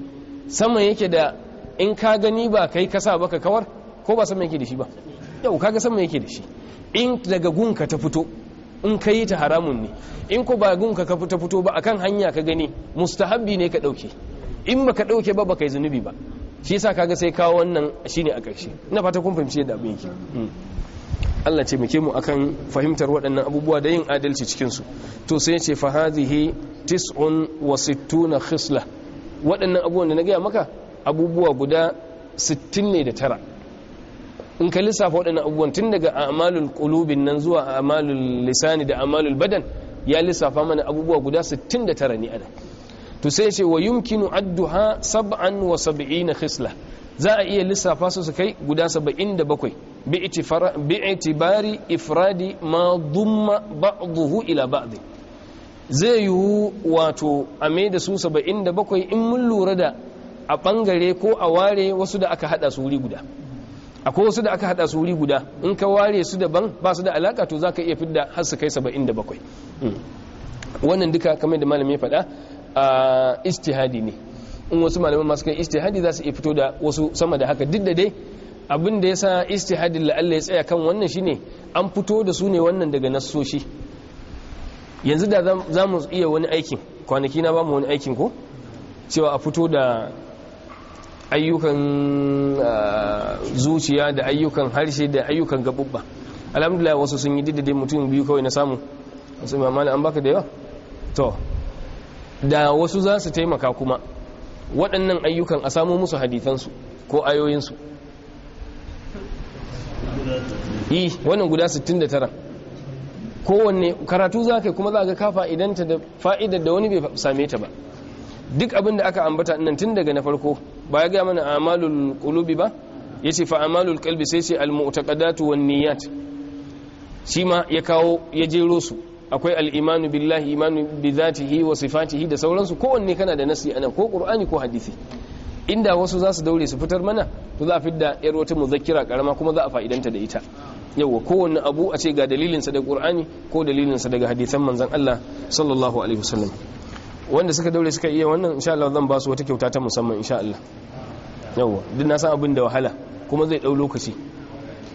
sama yake da in ka gani ba kai kasa ba ka kawar ko ba sama yake da shi ba yau kaga sama yake da shi in daga gunka ta fito in ka yi ta haramun ne in ko ba gunka ka ta fito ba akan hanya ka gani mustahabbi ne ka ɗauke in ba ka ɗauke ba ba ka yi zunubi ba shi yasa kaga sai kawo wannan shine a ƙarshe ina fata kun fahimci yadda abin yake hmm. Allah ce muke mu akan fahimtar waɗannan abubuwa da yin adalci cikinsu to sai ce fa hadhihi tis'un wa sittuna khisla waɗannan abubuwan da na gaya maka abubuwa guda 60 ne da tara in ka lissafa waɗannan abubuwan tun daga amalul qulubin nan zuwa amalul lisani da amalul badan ya lissafa mana abubuwa guda da tara ne ana to sai ce wa yumkinu adduha sab'an wa sab'ina khisla za a iya lissafa su su kai guda 77 bi'itibari ifradi ma dumma ba'duhu ila ba'd zai yiwu wato a mai da su 77 in mun lura da a bangare ko a ware wasu da aka hada su wuri guda akwai wasu da aka hada su wuri guda in ka ware su daban ba su da alaka to zaka iya fidda har su kai 77 wannan duka kamar da malami ya faɗa a istihadi ne in wasu malaman masu kai istihadi za su iya fito da wasu sama da haka duk da dai abin da ya sa istihadin la'alla ya tsaya kan wannan shine an fito da su ne wannan daga nassoshi yanzu da za mu iya wani aikin kwanaki na ba mu wani aikin ko cewa a fito da ayyukan ah, zuciya da ayyukan harshe da ayyukan gabubba alhamdulillah wasu sun yi didade mutum biyu kawai na samu wasu mamani an baka da yawa to da wasu za su taimaka kuma waɗannan ayyukan a samu musu hadithansu ko ayoyinsu yi eh, wannan guda 69 kowanne karatu za ka kuma za ga ka ta da fa'idar da wani bai same ta ba duk abin da aka ambata nan tun daga na farko ba ya gaya mana amalul kulubi ba yace fa amalul kalbi sai ce al muutakadatu wan yat shi ma ya kawo ya jero su akwai al'imanu billahi imanu bi zatihi wa sifatihi da sauransu kowanne kana da nasi ana ko ƙur'ani ko hadisi inda wasu za su daure su fitar mana to za a fidda yar wata muzakkira karama kuma za a fa'idanta da ita yawa kowanne abu a ce ga dalilinsa daga qur'ani ko dalilinsa daga hadisan manzon Allah sallallahu alaihi wasallam wanda suka daure suka iya wannan insha Allah zan ba su wata kyauta ta musamman insha Allah yawa duk na san abin da wahala kuma zai dau lokaci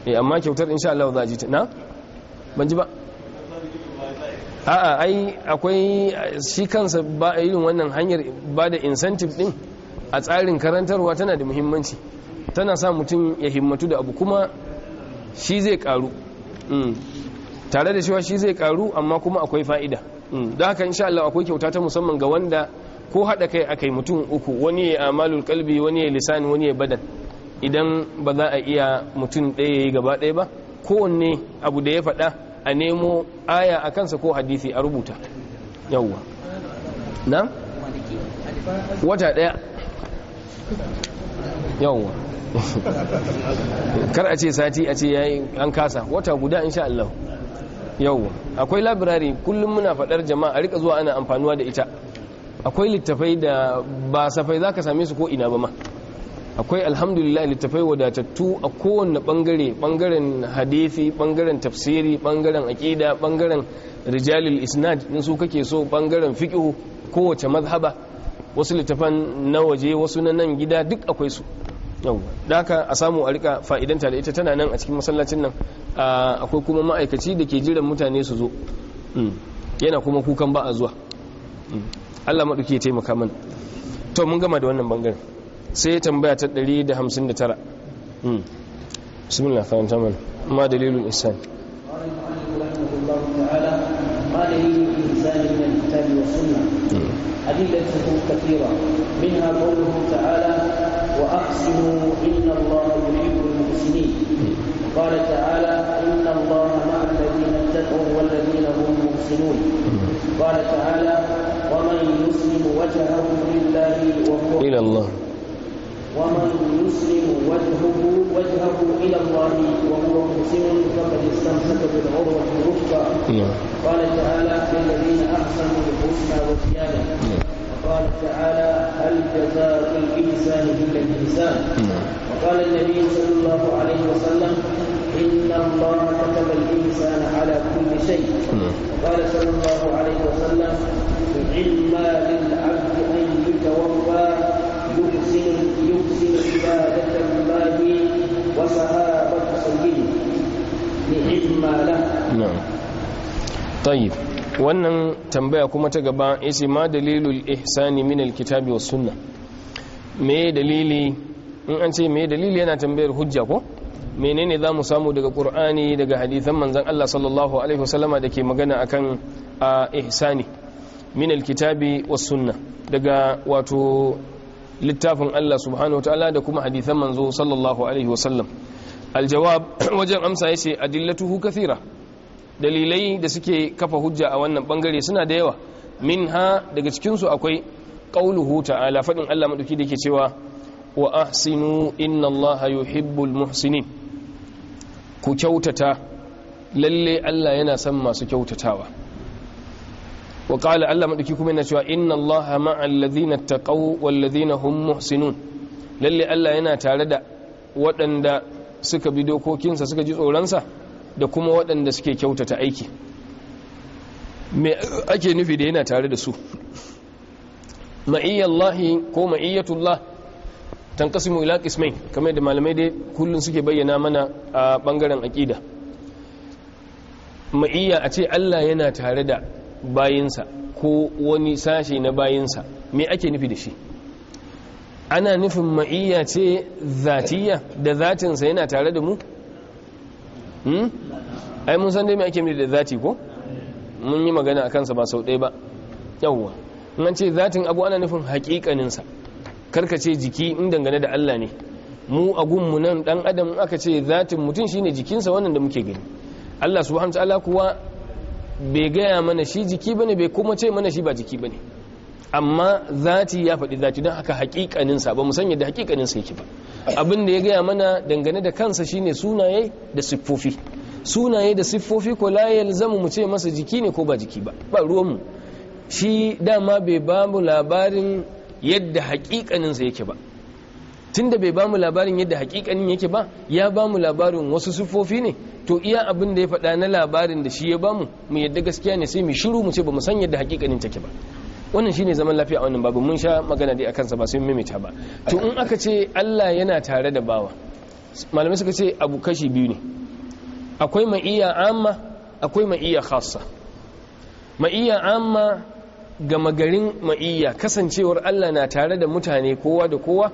eh amma kyautar insha Allah za a ji ta na ban ji ba a'a ai akwai shi kansa ba irin wannan hanyar ba da incentive din a tsarin karantarwa tana da muhimmanci tana sa mutum ya himmatu da abu kuma shi zai karu mm. tare da shiwa shi zai karu amma kuma akwai fa'ida mm. da haka insha Allah akwai kyauta ta musamman ga wanda ko haɗa kai akai mutum uku wani ya amalul kalbi wani ya lisani wani ya badan idan ba za a iya mutum ɗaya ya yi gaba ɗaya ba kowanne abu da ya faɗa a nemo aya a kansa ko hadisi a rubuta yawwa na wata ɗaya yawon kar a ce sati a ce yayin an kasa wata guda insha Allah yawon akwai labirari kullum muna fadar jama'a a rika zuwa ana amfanuwa da ita akwai littafai da ba safai za ka same su ko ina ba ma akwai alhamdulillah littafai wadatattu a kowane bangare bangaren hadithi bangaren tafsiri bangaren aƙida bangaren rijalul isnad in su kake so bangaren fiqh kowace mazhaba wasu littafan na waje wasu na nan gida duk akwai su da aka a samu a rika fa'idanta da ita tana nan a cikin masallacin nan akwai kuma ma'aikaci da ke jiran mutane su zo hmm. yana kuma kukan ba a zuwa hmm. Allah maɗuki ya taimaka mana to mun gama da wannan bangaren sai ya tambaya ta 159 hmm. bismillah karanta mana ma dalilun isa. قال أدلة كثيرة منها قوله تعالى وأحسنوا إن الله يحب المحسنين قال تعالى إن الله مع الذين اتقوا والذين هم محسنون قال تعالى ومن يسلم وجهه لله وهو إلى الله ومن يسلم وجهه وجهه الى الله وهو مسلم فقد استمسك بالعروه الوثقى نعم. قال تعالى للذين احسنوا الحسنى وزياده نعم. وقال تعالى هل جزاء الانسان الا الانسان نعم. وقال النبي صلى الله عليه وسلم ان الله كتب الانسان على كل شيء وقال صلى الله عليه وسلم اما للعبد ان يتوفى يحسن يحسن عبادة الله وصحابة رسوله لعلم له نعم طيب wannan tambaya kuma ta gaba ce ma dalilul ihsani min alkitabi was sunna me dalili in an ce me dalili yana tambayar hujja ko menene za mu samu daga qur'ani daga hadithan manzon Allah sallallahu alaihi wasallama dake magana akan ihsani min alkitabi was sunna daga wato littafin Allah subhanahu wataala da kuma hadithan manzo sallallahu alaihi wasallam aljawab wajen amsa yace adillatuhu kathira dalilai da suke kafa hujja a wannan bangare suna da yawa minha daga cikin su akwai qauluhu ta'ala fadin Allah madauki da ke cewa wa ahsinu inna allaha yuhibbul muhsinin ku kyautata lalle Allah yana son masu kyautatawa wa ala Allah madauki kuma na cewa inna Allaha ma'al ladina taqaw wal ladina hum muhsinun lalle Allah yana tare da waɗanda suka bi dokokinsa suka ji tsoronsa da kuma waɗanda suke kyautata aiki me ake nufi da yana tare da su ma'iyyallahi ko ma'iyyatullah tanqasimu ila qismain kamar da malamai dai kullum suke bayyana mana a bangaren aqida ma'iyya a ce Allah yana tare da bayinsa ko wani sashi na bayinsa me ake nufi da shi ana nufin ma'iyya ce zatiya da zatinsa yana tare da mu? Hmm? ai mun san dai me ake nufi da zati ko? mun yi magana a kansa ba sau ɗaya ba yawwa nan ce zatin abu ana nufin haƙiƙaninsa karkace jiki in dangane da Allah ne mu a gunmu nan ɗan adam aka ce zatin mutum shine jikinsa wannan da muke gani Allah subhanahu wa ta'ala kuwa bai gaya mana shi jiki bane bai kuma ce mana shi ba jiki bane amma zati ya faɗi zati don haka sa ba musan yadda sa yake ba abin da ya gaya mana dangane da kansa shine sunaye da siffofi sunaye da siffofi ko la yalzamu mu ce masa jiki ne ko ba jiki ba ba ruwanmu shi dama bai ba mu labarin yadda sa yake ba tunda bai ba mu labarin yadda hakikanin yake ba ya ba mu labarin wasu siffofi ne to iya abin da ya faɗa na labarin da shi ya bamu mu yadda gaskiya ne sai mu shiru mu ce ba mu san yadda hakikanin take ba wannan shine zaman lafiya a wannan babu mun sha magana dai akan sa ba sai mun mimita ba to in aka ce Allah yana tare da bawa malamai suka ce abu kashi biyu ne akwai ma'iya amma akwai ma'iya khassa ma'iya amma gama garin ma'iyya kasancewar Allah na tare da mutane kowa da kowa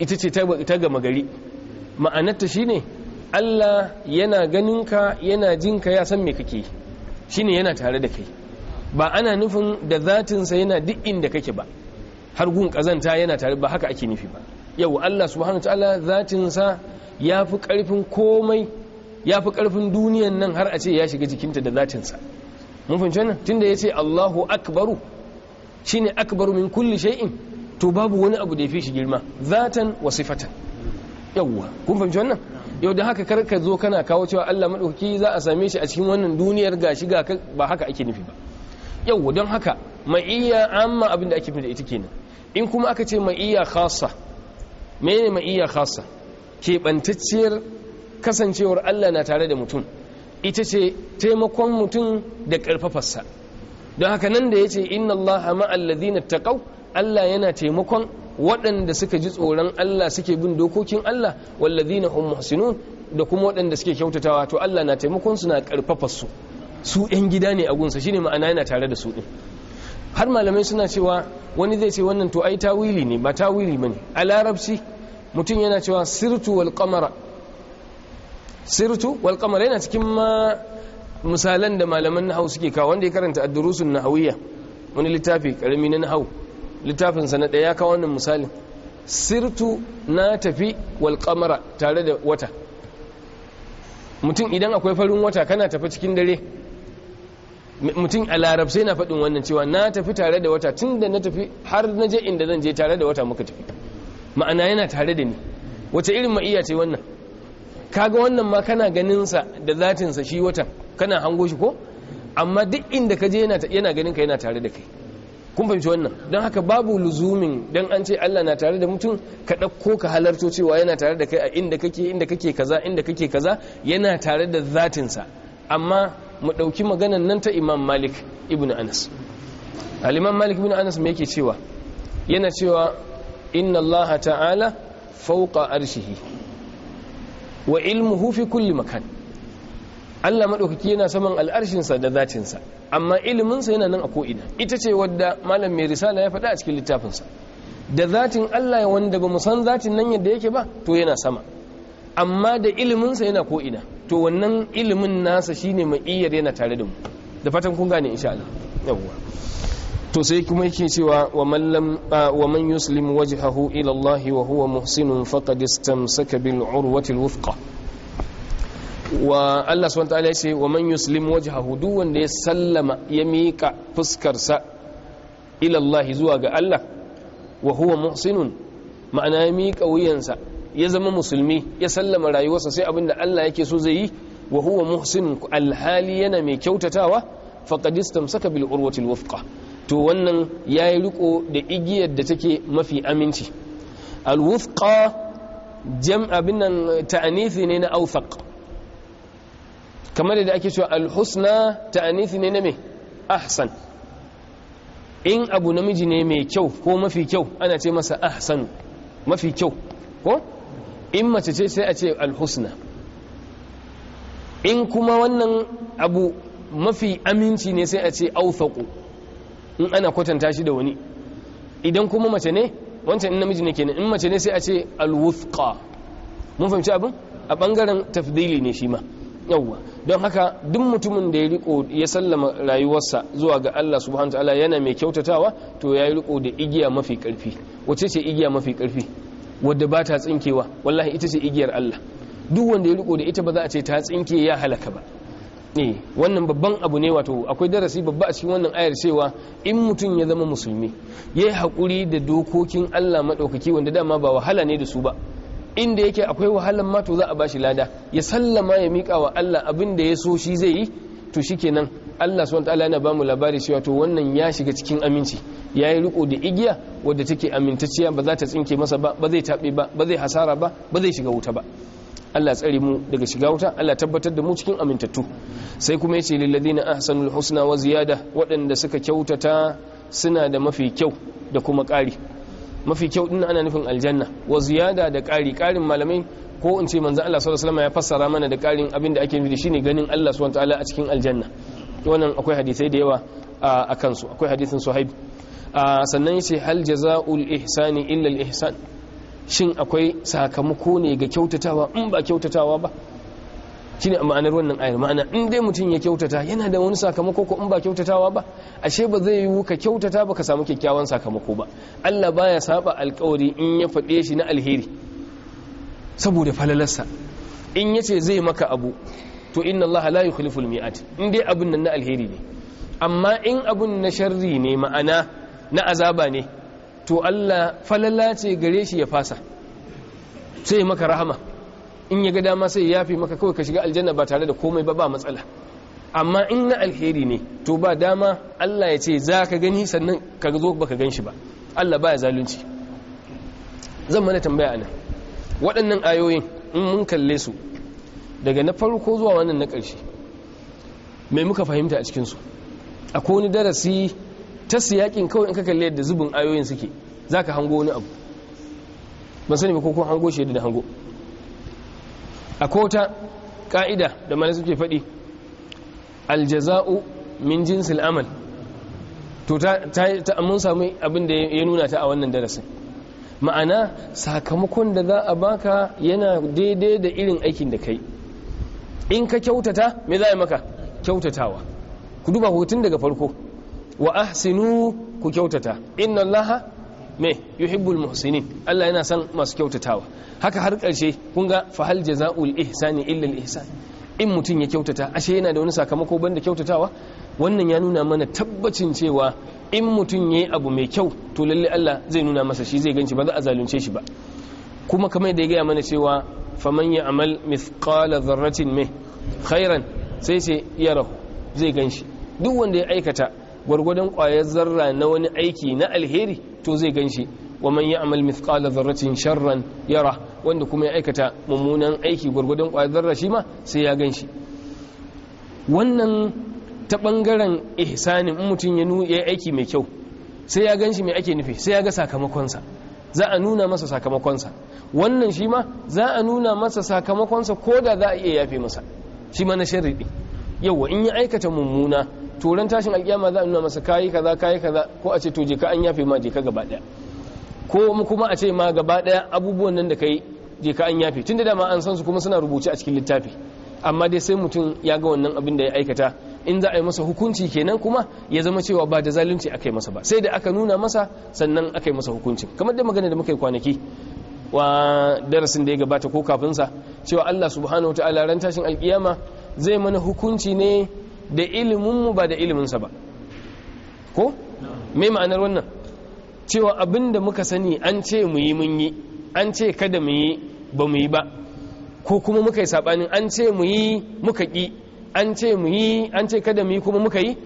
ita ce ta gama gari ma'anarta shine Allah yana ganinka yana jinka ya san me kake shine yana tare da kai ba ana nufin da zatinsa yana duk inda kake ba har gun kazanta yana tare ba haka ake nufi ba yau Allah subhanahu wataala zatinsa ya fi karfin komai ya fi karfin duniyan nan har a ce ya shiga jikinta da zatinsa mun fahimci wannan tunda yace Allahu akbaru shine akbaru min kulli shay'in to babu wani abu da ya fi shi girma zatan wa sifatan yawwa kun fahimci wannan yau da haka karka zo kana kawo cewa Allah maɗauki za a same shi a cikin wannan duniyar gashi ga ba haka ake nufi ba yau don haka ma'iyya amma abin da ake fi da ita kenan in kuma aka ce ma'iyya khasa mene ma'iyya khasa keɓantacciyar kasancewar Allah na tare da mutum ita ce taimakon mutum da ƙarfafarsa don haka nan da ya ce inna Allah ma'alladhina taqaw Allah yana taimakon waɗanda suka ji tsoron Allah suke bin dokokin Allah wallazina hum muhsinun da kuma waɗanda suke kyautatawa to Allah na taimakon su na karfafa su su ɗan gida ne a gunsa shine ma'ana yana tare da su ɗin har malamai suna cewa wani zai ce wannan to ai tawili ne ba tawili ne. a larabci mutum yana cewa sirtu wal sirtu wal yana cikin ma misalan da malaman nahau suke kawo wanda ya karanta ad-durusun nahawiyya wani littafi karami na nahau littafinsa na ɗaya ya kawo wannan misalin sirtu na tafi walƙamara tare da wata mutum idan akwai farin wata kana tafi cikin dare mutum a larab sai na faɗin wannan cewa na tafi tare da wata tun da na tafi har na je inda zan je tare da wata muka tafi ma'ana yana tare da ni wace irin ma'iya ce wannan kaga wannan ma kana ganinsa da zatinsa shi watan kana hango shi ko amma duk inda ka je yana ganin ka yana tare da kai kun fahimci wannan don haka babu luzumin don an ce Allah na tare da mutum ka ɗauko ka halarto cewa yana tare da kai a inda kake inda kake kaza inda kake kaza yana tare da zatinsa amma mu ɗauki maganan nan ta imam malik ibn anas al malik ibn anas me yake cewa yana cewa inna Allah ta'ala fauka arshihi wa ilmuhu fi kulli makan Allah maɗaukaki yana saman al'arshinsa da zatinsa amma iliminsa yana nan a ko'ina ita ce wadda malam mai risala ya faɗa a cikin littafinsa da zatin Allah wanda ba mu san zatin nan yadda yake ba to yana sama amma da iliminsa yana ko'ina to wannan ilimin nasa shine mai iyar yana tare da mu da fatan kun gane insha Allah yawwa to sai kuma yake cewa wa man lam wa man wajhahu ila Allah wa huwa muhsinun faqad istamsaka bil 'urwatil al-wuthqa wa Allah subhanahu wataala ya ce wa man yuslim wajhahu duk wanda ya sallama ya miƙa fuskarsa ila Allah zuwa ga Allah wa huwa muhsinun ma'ana ya miƙa wuyansa ya zama musulmi ya sallama rayuwarsa sai abinda Allah yake so zai yi wa huwa muhsinun alhali yana mai kyautatawa faqad istamsaka bil urwati al wuthqa to wannan yayi riko da igiyar da take mafi aminci al wuthqa jam'a binan ta'anithi ne na awfaq. kamar da ake cewa alhusna anithi ne na me ahsan in abu namiji ne mai kyau ko mafi kyau ana ce masa ahsan mafi kyau ko in mace ce sai a ce alhusna in kuma wannan abu mafi aminci ne sai a ce authaku in ana kwatanta shi da wani idan kuma mace ne wancan in namiji ne kenan in mace ne sai a ce alwuthqa mun fahimci abin a bangaren tafdili ne shi ma yawwa don haka duk mutumin da ya riko ya sallama rayuwarsa zuwa ga Allah subhanahu ta'ala yana mai kyautatawa to ya yi riko da igiya mafi karfi wace ce igiya mafi karfi wadda ba ta tsinkewa wallahi ita ce igiyar Allah duk wanda ya riko da ita ba za a ce ta tsinke ya halaka ba ne eh, wannan babban abu ne wato akwai darasi babba a cikin wannan ayar cewa in mutum ya zama musulmi yayi yi haƙuri da dokokin Allah maɗaukaki wanda dama ba wahala ne da su ba inda yake akwai wahalan ma to za a bashi lada ya sallama ya mika wa Allah abin da ya so shi zai yi to shi shikenan Allah subhanahu wataala yana bamu labari cewa to wannan ya shiga cikin aminci ya yi riko da igiya wadda take amintacciya ba za ta tsinke masa ba ba zai tabe ba ba zai hasara ba ba zai shiga wuta ba Allah tsare mu daga shiga wuta Allah tabbatar da mu cikin amintattu sai kuma yace lil ladina ahsanul husna wa ziyada waɗanda suka kyautata suna da mafi kyau da kuma ƙari mafi kyau din ana nufin aljanna wa ziyada da ƙari ƙarin malamai ko in ce manzo Allah sallallahu alaihi wasallam ya fassara mana da ƙarin abin da ake nufi shine ganin Allah subhanahu wataala a cikin aljanna wannan akwai hadisai da yawa a kansu akwai hadisin Suhaib sannan yace hal jazaa'ul ihsani illa al ihsan shin akwai sakamako ne ga kyautatawa in ba kyautatawa ba shine ma'anar wannan ayar ma'ana in dai mutum ya kyautata yana da wani sakamako ko in ba kyautatawa ba ashe ba zai yiwu ka kyautata ba ka samu kyakkyawan sakamako ba Allah baya saba alkawari in ya faɗe shi na alheri saboda falalarsa in ya ce zai maka abu to inna Allah la yukhliful mi'at in dai abun nan na alheri ne amma in abun na sharri ne ma'ana na azaba ne to Allah falala ce gare shi ya fasa sai maka rahama in ya ga dama sai ya yafe maka kawai ka shiga aljanna ba tare da komai ba ba matsala amma in na alheri ne to ba dama Allah ya ce za ka gani sannan ka zo baka gan shi ba Allah ba ya zalunci zan mana tambaya anan waɗannan ayoyin in mun kalle su daga na farko zuwa wannan na ƙarshe mai muka fahimta a cikinsu ko wani darasi ta yakin kawai in ka kalle yadda zubin ayoyin suke za ka hango wani abu ban sani ba ko kun hango shi yadda da hango a kota ƙa'ida da mana suke faɗi aljaza'u min jinsil amal to ta mun sami abin da ya nuna ta a wannan darasin ma'ana sakamakon da za a baka yana daidai da irin aikin da kai in ka kyautata me za a yi maka kyautatawa ku duba hutun daga farko wa ahsinu ku kyautata inna allaha me yuhibbul muhsinin Allah yana san masu kyautatawa haka har karshe kun ga fa hal jazaa'ul ihsani illa al ihsan in mutum ya kyautata ashe yana da wani sakamako banda kyautatawa wannan ya nuna mana tabbacin cewa in mutum yayi abu mai kyau to lalle Allah zai nuna masa shi zai ganci ba za a zalunce shi ba kuma kamar da ya gaya mana cewa faman ya amal mithqala dharratin me khairan sai ya yarahu zai ganshi duk wanda ya aikata gwargwadon ƙwayar zarra na wani aiki na alheri to zai gan shi wa man ya amal mithqala dharratin sharran yara wanda kuma ya aikata mummunan aiki gwargwadon ƙwayar zarra shi ma sai ya gan shi wannan ta ɓangaren ihsanin in mutum ya nuna aiki mai kyau sai ya gan shi mai ake nufi sai ya ga sakamakonsa za a nuna masa sakamakonsa wannan shi ma za a nuna masa sakamakonsa ko da za a iya yafe masa shi ma na sharaɗi yauwa in ya aikata mummuna turan tashin alkiyama za a nuna masa kayi kaza kayi kaza ko a ce to je ka an yafe ma je gaba daya ko kuma a ce ma gaba daya abubuwan nan da kai je ka an yafe tun da dama an san su kuma suna rubuce a cikin littafi amma dai sai mutum ya ga wannan abin da ya aikata in za a yi masa hukunci kenan kuma ya zama cewa ba da zalunci aka yi masa ba sai da aka nuna masa sannan aka yi masa hukunci kamar dai magana da muka yi kwanaki wa darasin da ya gabata ko kafinsa cewa Allah subhanahu wa ta'ala ran tashin alkiyama zai mana hukunci ne da iliminmu ba da iliminsa ba ko mai ma'anar wannan cewa abin da muka sani an ce mu yi mun yi an ce kada mu yi ba mu yi ba ko kuma muka yi saɓanin an ce mu yi muka ƙi an ce mu yi an ce kada mu yi kuma muka yi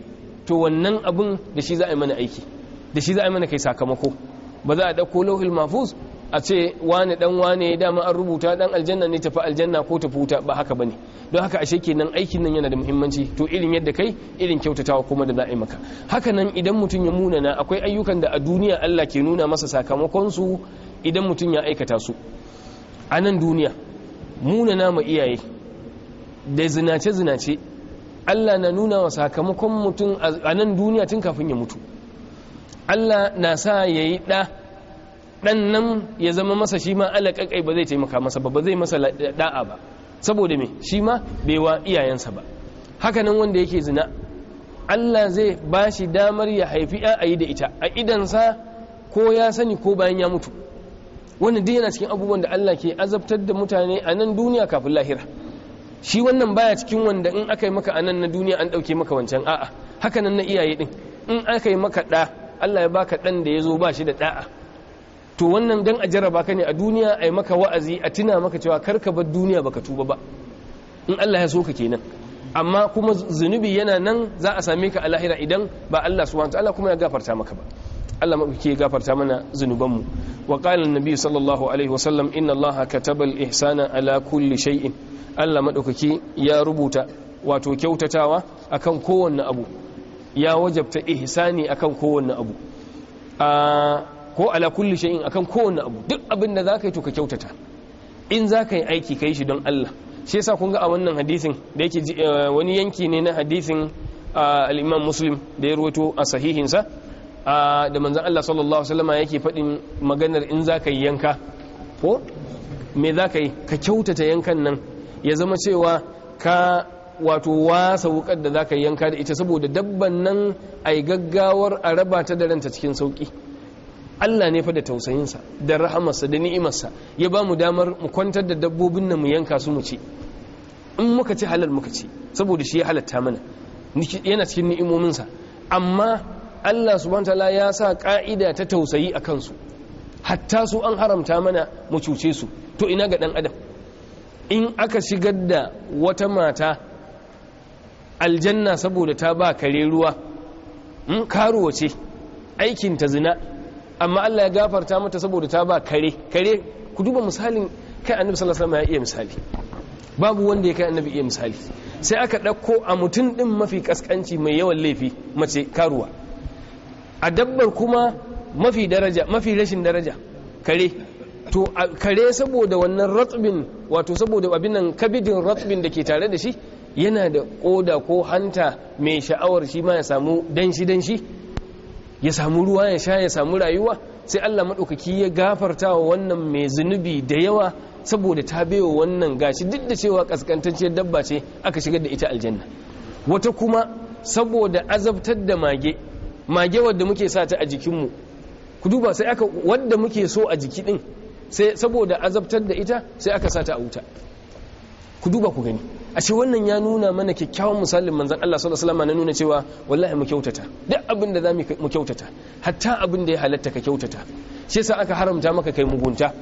to wannan abin da shi za a yi mana aiki da shi za a yi mana kai sakamako ba za a ɗauko lauhul mafuz a ce wani dan wane dama an rubuta dan aljanna ne tafi aljanna ko tafi wuta ba haka bane don haka ashe kenan aikin nan yana da muhimmanci to irin yadda kai irin kyautatawa kuma da za maka haka nan idan mutum ya munana akwai ayyukan da a duniya Allah ke nuna masa sakamakon su idan mutum ya aikata su a nan duniya munana ma iyaye da zinace zinace Allah na nuna wa sakamakon mutum a nan duniya tun kafin ya mutu Allah na sa yayi da ɗan nan ya zama masa shi ma alaƙaƙai ba zai taimaka masa ba ba zai masa da'a ba saboda me shi ma bai wa iyayensa ba hakanan wanda yake zina Allah zai ba shi damar ya haifi a yi da ita a idansa ko ya sani ko bayan ya mutu wani duk yana cikin abubuwan da Allah ke azabtar da mutane a nan duniya kafin lahira shi wannan baya cikin wanda in aka yi maka a nan na duniya an ɗauke maka wancan a'a hakanan na iyaye din in aka yi maka ɗa Allah ya baka ɗan da ya zo ba shi da ɗa'a to wannan dan a jarraba ka ne a duniya a yi maka wa'azi a tuna maka cewa kar ka bar duniya baka tuba ba in Allah ya so ka kenan amma kuma zunubi yana nan za a same ka a lahira idan ba Allah subhanahu ta'ala kuma ya gafarta maka ba Allah mabuke ya gafarta mana zunuban wa qala an-nabi sallallahu alaihi wa sallam inna Allah kataba al-ihsana ala kulli shay'in Allah madaukaki ya rubuta wato kyautatawa akan kowanne abu ya wajabta ihsani akan kowanne abu a ah, ko ala kulli shay'in akan kowanne abu duk abin da zaka yi to ka kyautata in zaka yi aiki kai shi don Allah shi yasa kun ga a wannan hadisin da yake eh, wani yanki ne na hadisin ah, al-Imam Muslim da ya ruwato a sahihin sa ah, da manzon Allah sallallahu alaihi wasallam yake fadin maganar in zaka yi yanka ko me zaka yi ka kyautata yankan nan ya zama cewa ka wato wasa wukar da zaka yi yanka da ita saboda dabban nan ai gaggawar a raba ta da ranta cikin sauki Allah ne fa da tausayinsa da rahamarsa da ni'imarsa ya ba mu damar mu kwantar da dabbobin nan mu yanka su mu ci in muka ci halal muka ci saboda shi ya halatta mana yana cikin ni'imominsa amma Allah subhanahu wataala ya sa ka'ida ta tausayi a kansu hatta su an haramta mana mu cuce su to ina ga dan adam in aka shigar da wata mata aljanna saboda ta ba kare ruwa in hmm, karuwa ce aikinta zina amma Allah ya gafarta mata saboda ta ba kare kare ku duba misalin kai annabi sallallahu alaihi wasallam ya iya misali babu wanda ya kai annabi iya misali sai aka ɗauko a mutum ɗin mafi kaskanci mai yawan laifi mace karuwa a dabbar kuma mafi daraja mafi rashin daraja kare to kare saboda wannan ratbin wato saboda abin nan kabidin ratbin da ke tare da shi yana da ƙoda ko hanta mai sha'awar shi ma ya samu danshi danshi ya samu ruwa ya sha ya samu rayuwa sai Allah maɗaukaki ya gafarta wa wannan mai zunubi da yawa saboda ta baiwa wannan gashi duk da cewa kaskantacciyar dabba ce aka shigar da ita aljanna wata kuma saboda azabtar da mage mage wadda muke sa ta a jikinmu ku duba sai aka wadda muke so a jiki din sai saboda azabtar da ita sai aka sa ta a wuta ku duba ku gani ashe wannan ya nuna mana kyakkyawan misalin manzon Allah sallallahu alaihi wasallam na nuna cewa wallahi mu kyautata duk abin da zamu mu kyautata hatta abin da ya halatta ka kyautata shi yasa aka haramta maka kai mugunta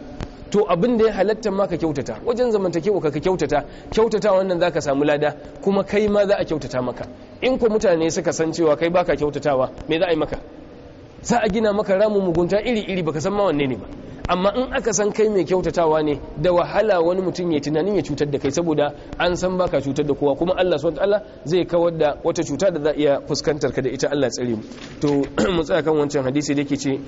to abin da ya halatta maka kyautata wajen zamantakewa ka kyautata kyautata wannan zaka samu lada kuma kai ma za a kyautata maka in ku mutane suka san cewa kai baka kyautatawa me za a yi maka za a gina maka ramu mugunta iri iri baka san ma wanne ne ba amma in aka san kai mai kyautatawa ne da wahala wani mutum ya tunanin ya cutar da kai saboda an san baka cutar da kowa kuma Allah subhanahu wataala zai kawar da wata cuta da za a iya fuskantar ka da ita Allah tsare mu to mu tsaya kan wancan hadisi da yake ce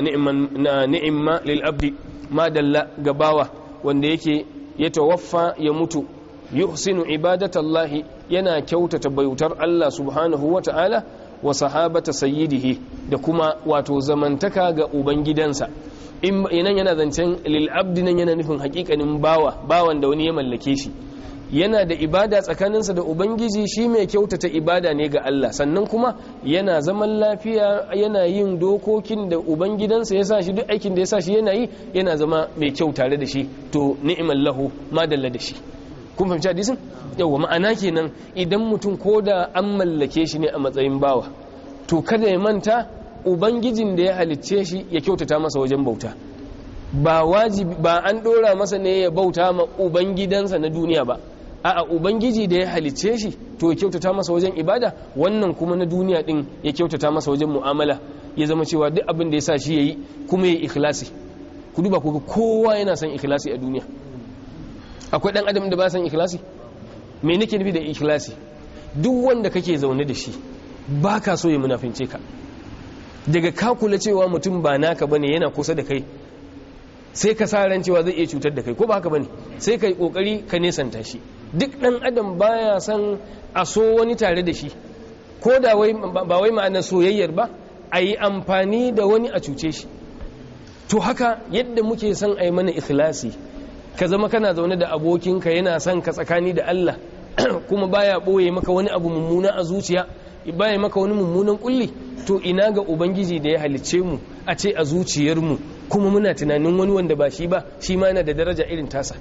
ni'man ni'ma lil abdi ma dalla gabawa wanda yake ya tawaffa ya mutu yuhsinu ibadatallahi yana kyautata bautar Allah subhanahu wataala wa sahabata sayyidihi da kuma wato zamantaka ga ubangidansa in yana zancen lil'abdi nan yana nufin hakikanin bawa bawan da wani ya mallake shi yana da ibada tsakaninsa da ubangiji shi mai kyautata ibada ne ga Allah sannan kuma yana zaman lafiya yana yin dokokin da ubangidansa ya sa shi duk aikin da ya sa shi yana yi yana zama mai kyau tare da shi to ni'imar lahu madalla da shi kun fahimci hadisin yawa ma'ana kenan idan mutum ko da an mallake shi ne a matsayin bawa to kada ya manta ubangijin da ya halicce shi ya kyautata masa wajen bauta ba wajibi ba an dora masa ne ya bauta ma ubangidansa na duniya ba a'a ubangiji da ya halicce shi to ya kyautata masa wajen ibada wannan kuma na duniya din ya kyautata masa wajen mu'amala ya zama cewa duk abin da ya sa shi ya yi kuma ya ikhlasi ku duba ku kowa yana son ikhlasi a duniya akwai dan adam da ba son ikhlasi me nake nufi da ikhlasi duk wanda kake zaune da shi baka so ya munafince ka daga ka kula cewa mutum ba naka bane yana kusa da kai sai ka sa ran cewa zai iya cutar da kai ko ba haka bane sai ka yi kokari ka nesanta shi duk dan adam baya son a so wani tare da shi ko da wai ba wai ma'anar soyayyar ba a yi amfani da wani a cuce shi to haka yadda muke son a yi mana ikhlasi ka zama kana zaune da abokinka yana son ka tsakani da Allah kuma baya ɓoye maka wani abu mummuna a zuciya baya maka wani mummunan kulli to ina ga ubangiji da ya halice mu a ce a zuciyar mu kuma muna tunanin wani wanda ba shi ba shi ma yana da daraja irin tasa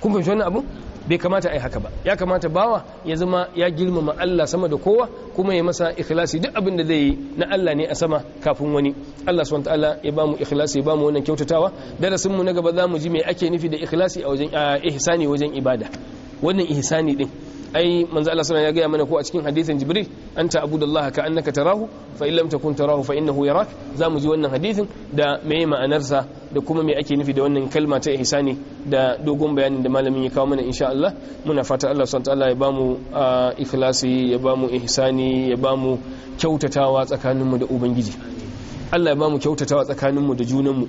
kun fahimci wannan abu bai kamata ai haka ba ya kamata bawa ya zama ya girmama Allah sama da kowa kuma ya masa ikhlasi duk abin da zai yi na Allah ne a sama kafin wani Allah subhanahu ta'ala ya bamu ikhlasi ya bamu wannan kyautatawa darasin mu na gaba zamu ji me ake nufi da ikhlasi a wajen ihsani wajen ibada wannan ihsani din ai manzo Allah sallallahu ya gaya mana ko a cikin hadisin Jibril anta abudallaha ka annaka tarahu fa in lam takun tarahu fa innahu yarak zamu ji wannan hadisin da meye ma'anarsa da kuma me ake nufi da wannan kalma ta ihsani da dogon bayanin da malamin ya kawo mana insha Allah muna fata Allah subhanahu ta'ala ya bamu ikhlasi ya bamu ihsani ya bamu kyautatawa tsakaninmu da ubangiji Allah ya bamu kyautatawa tsakaninmu da junanmu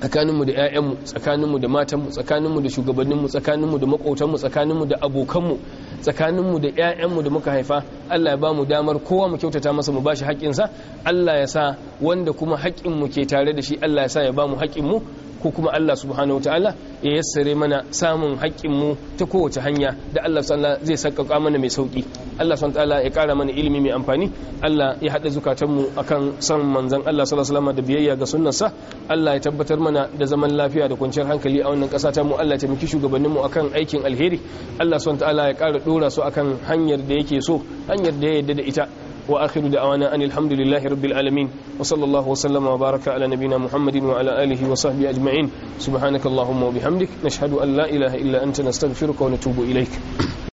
tsakaninmu da 'ya'yanmu tsakaninmu da matanmu tsakaninmu da shugabanninmu tsakaninmu da makwautanmu tsakaninmu da abokanmu tsakaninmu da 'ya'yanmu da muka haifa Allah ya ba mu damar kowa mu kyautata masa mu ba bashi haƙƙinsa Allah ya sa wanda kuma haƙƙinmu ke tare da shi Allah ya sa ya ba mu haƙƙinmu ko kuma Allah subhanahu wataala ya yassare mana samun haƙƙinmu ta kowace hanya da Allah sallah zai mana mai sauƙi Allah subhanahu wataala ya ƙara mana ilimi mai amfani Allah ya haɗa zukatanmu akan san manzon Allah sallallahu alaihi da biyayya ga sunansa. Allah ya tabbatar mana da zaman lafiya da kwanciyar hankali a wannan ƙasa ta mu Allah ya taimaki shugabanninmu akan aikin alheri Allah subhanahu wataala ya ƙara dora su akan hanyar da yake so hanyar da ya yarda da ita وآخر دعوانا أن الحمد لله رب العالمين وصلى الله وسلم وبارك على نبينا محمد وعلى آله وصحبه أجمعين سبحانك اللهم وبحمدك نشهد أن لا إله إلا أنت نستغفرك ونتوب إليك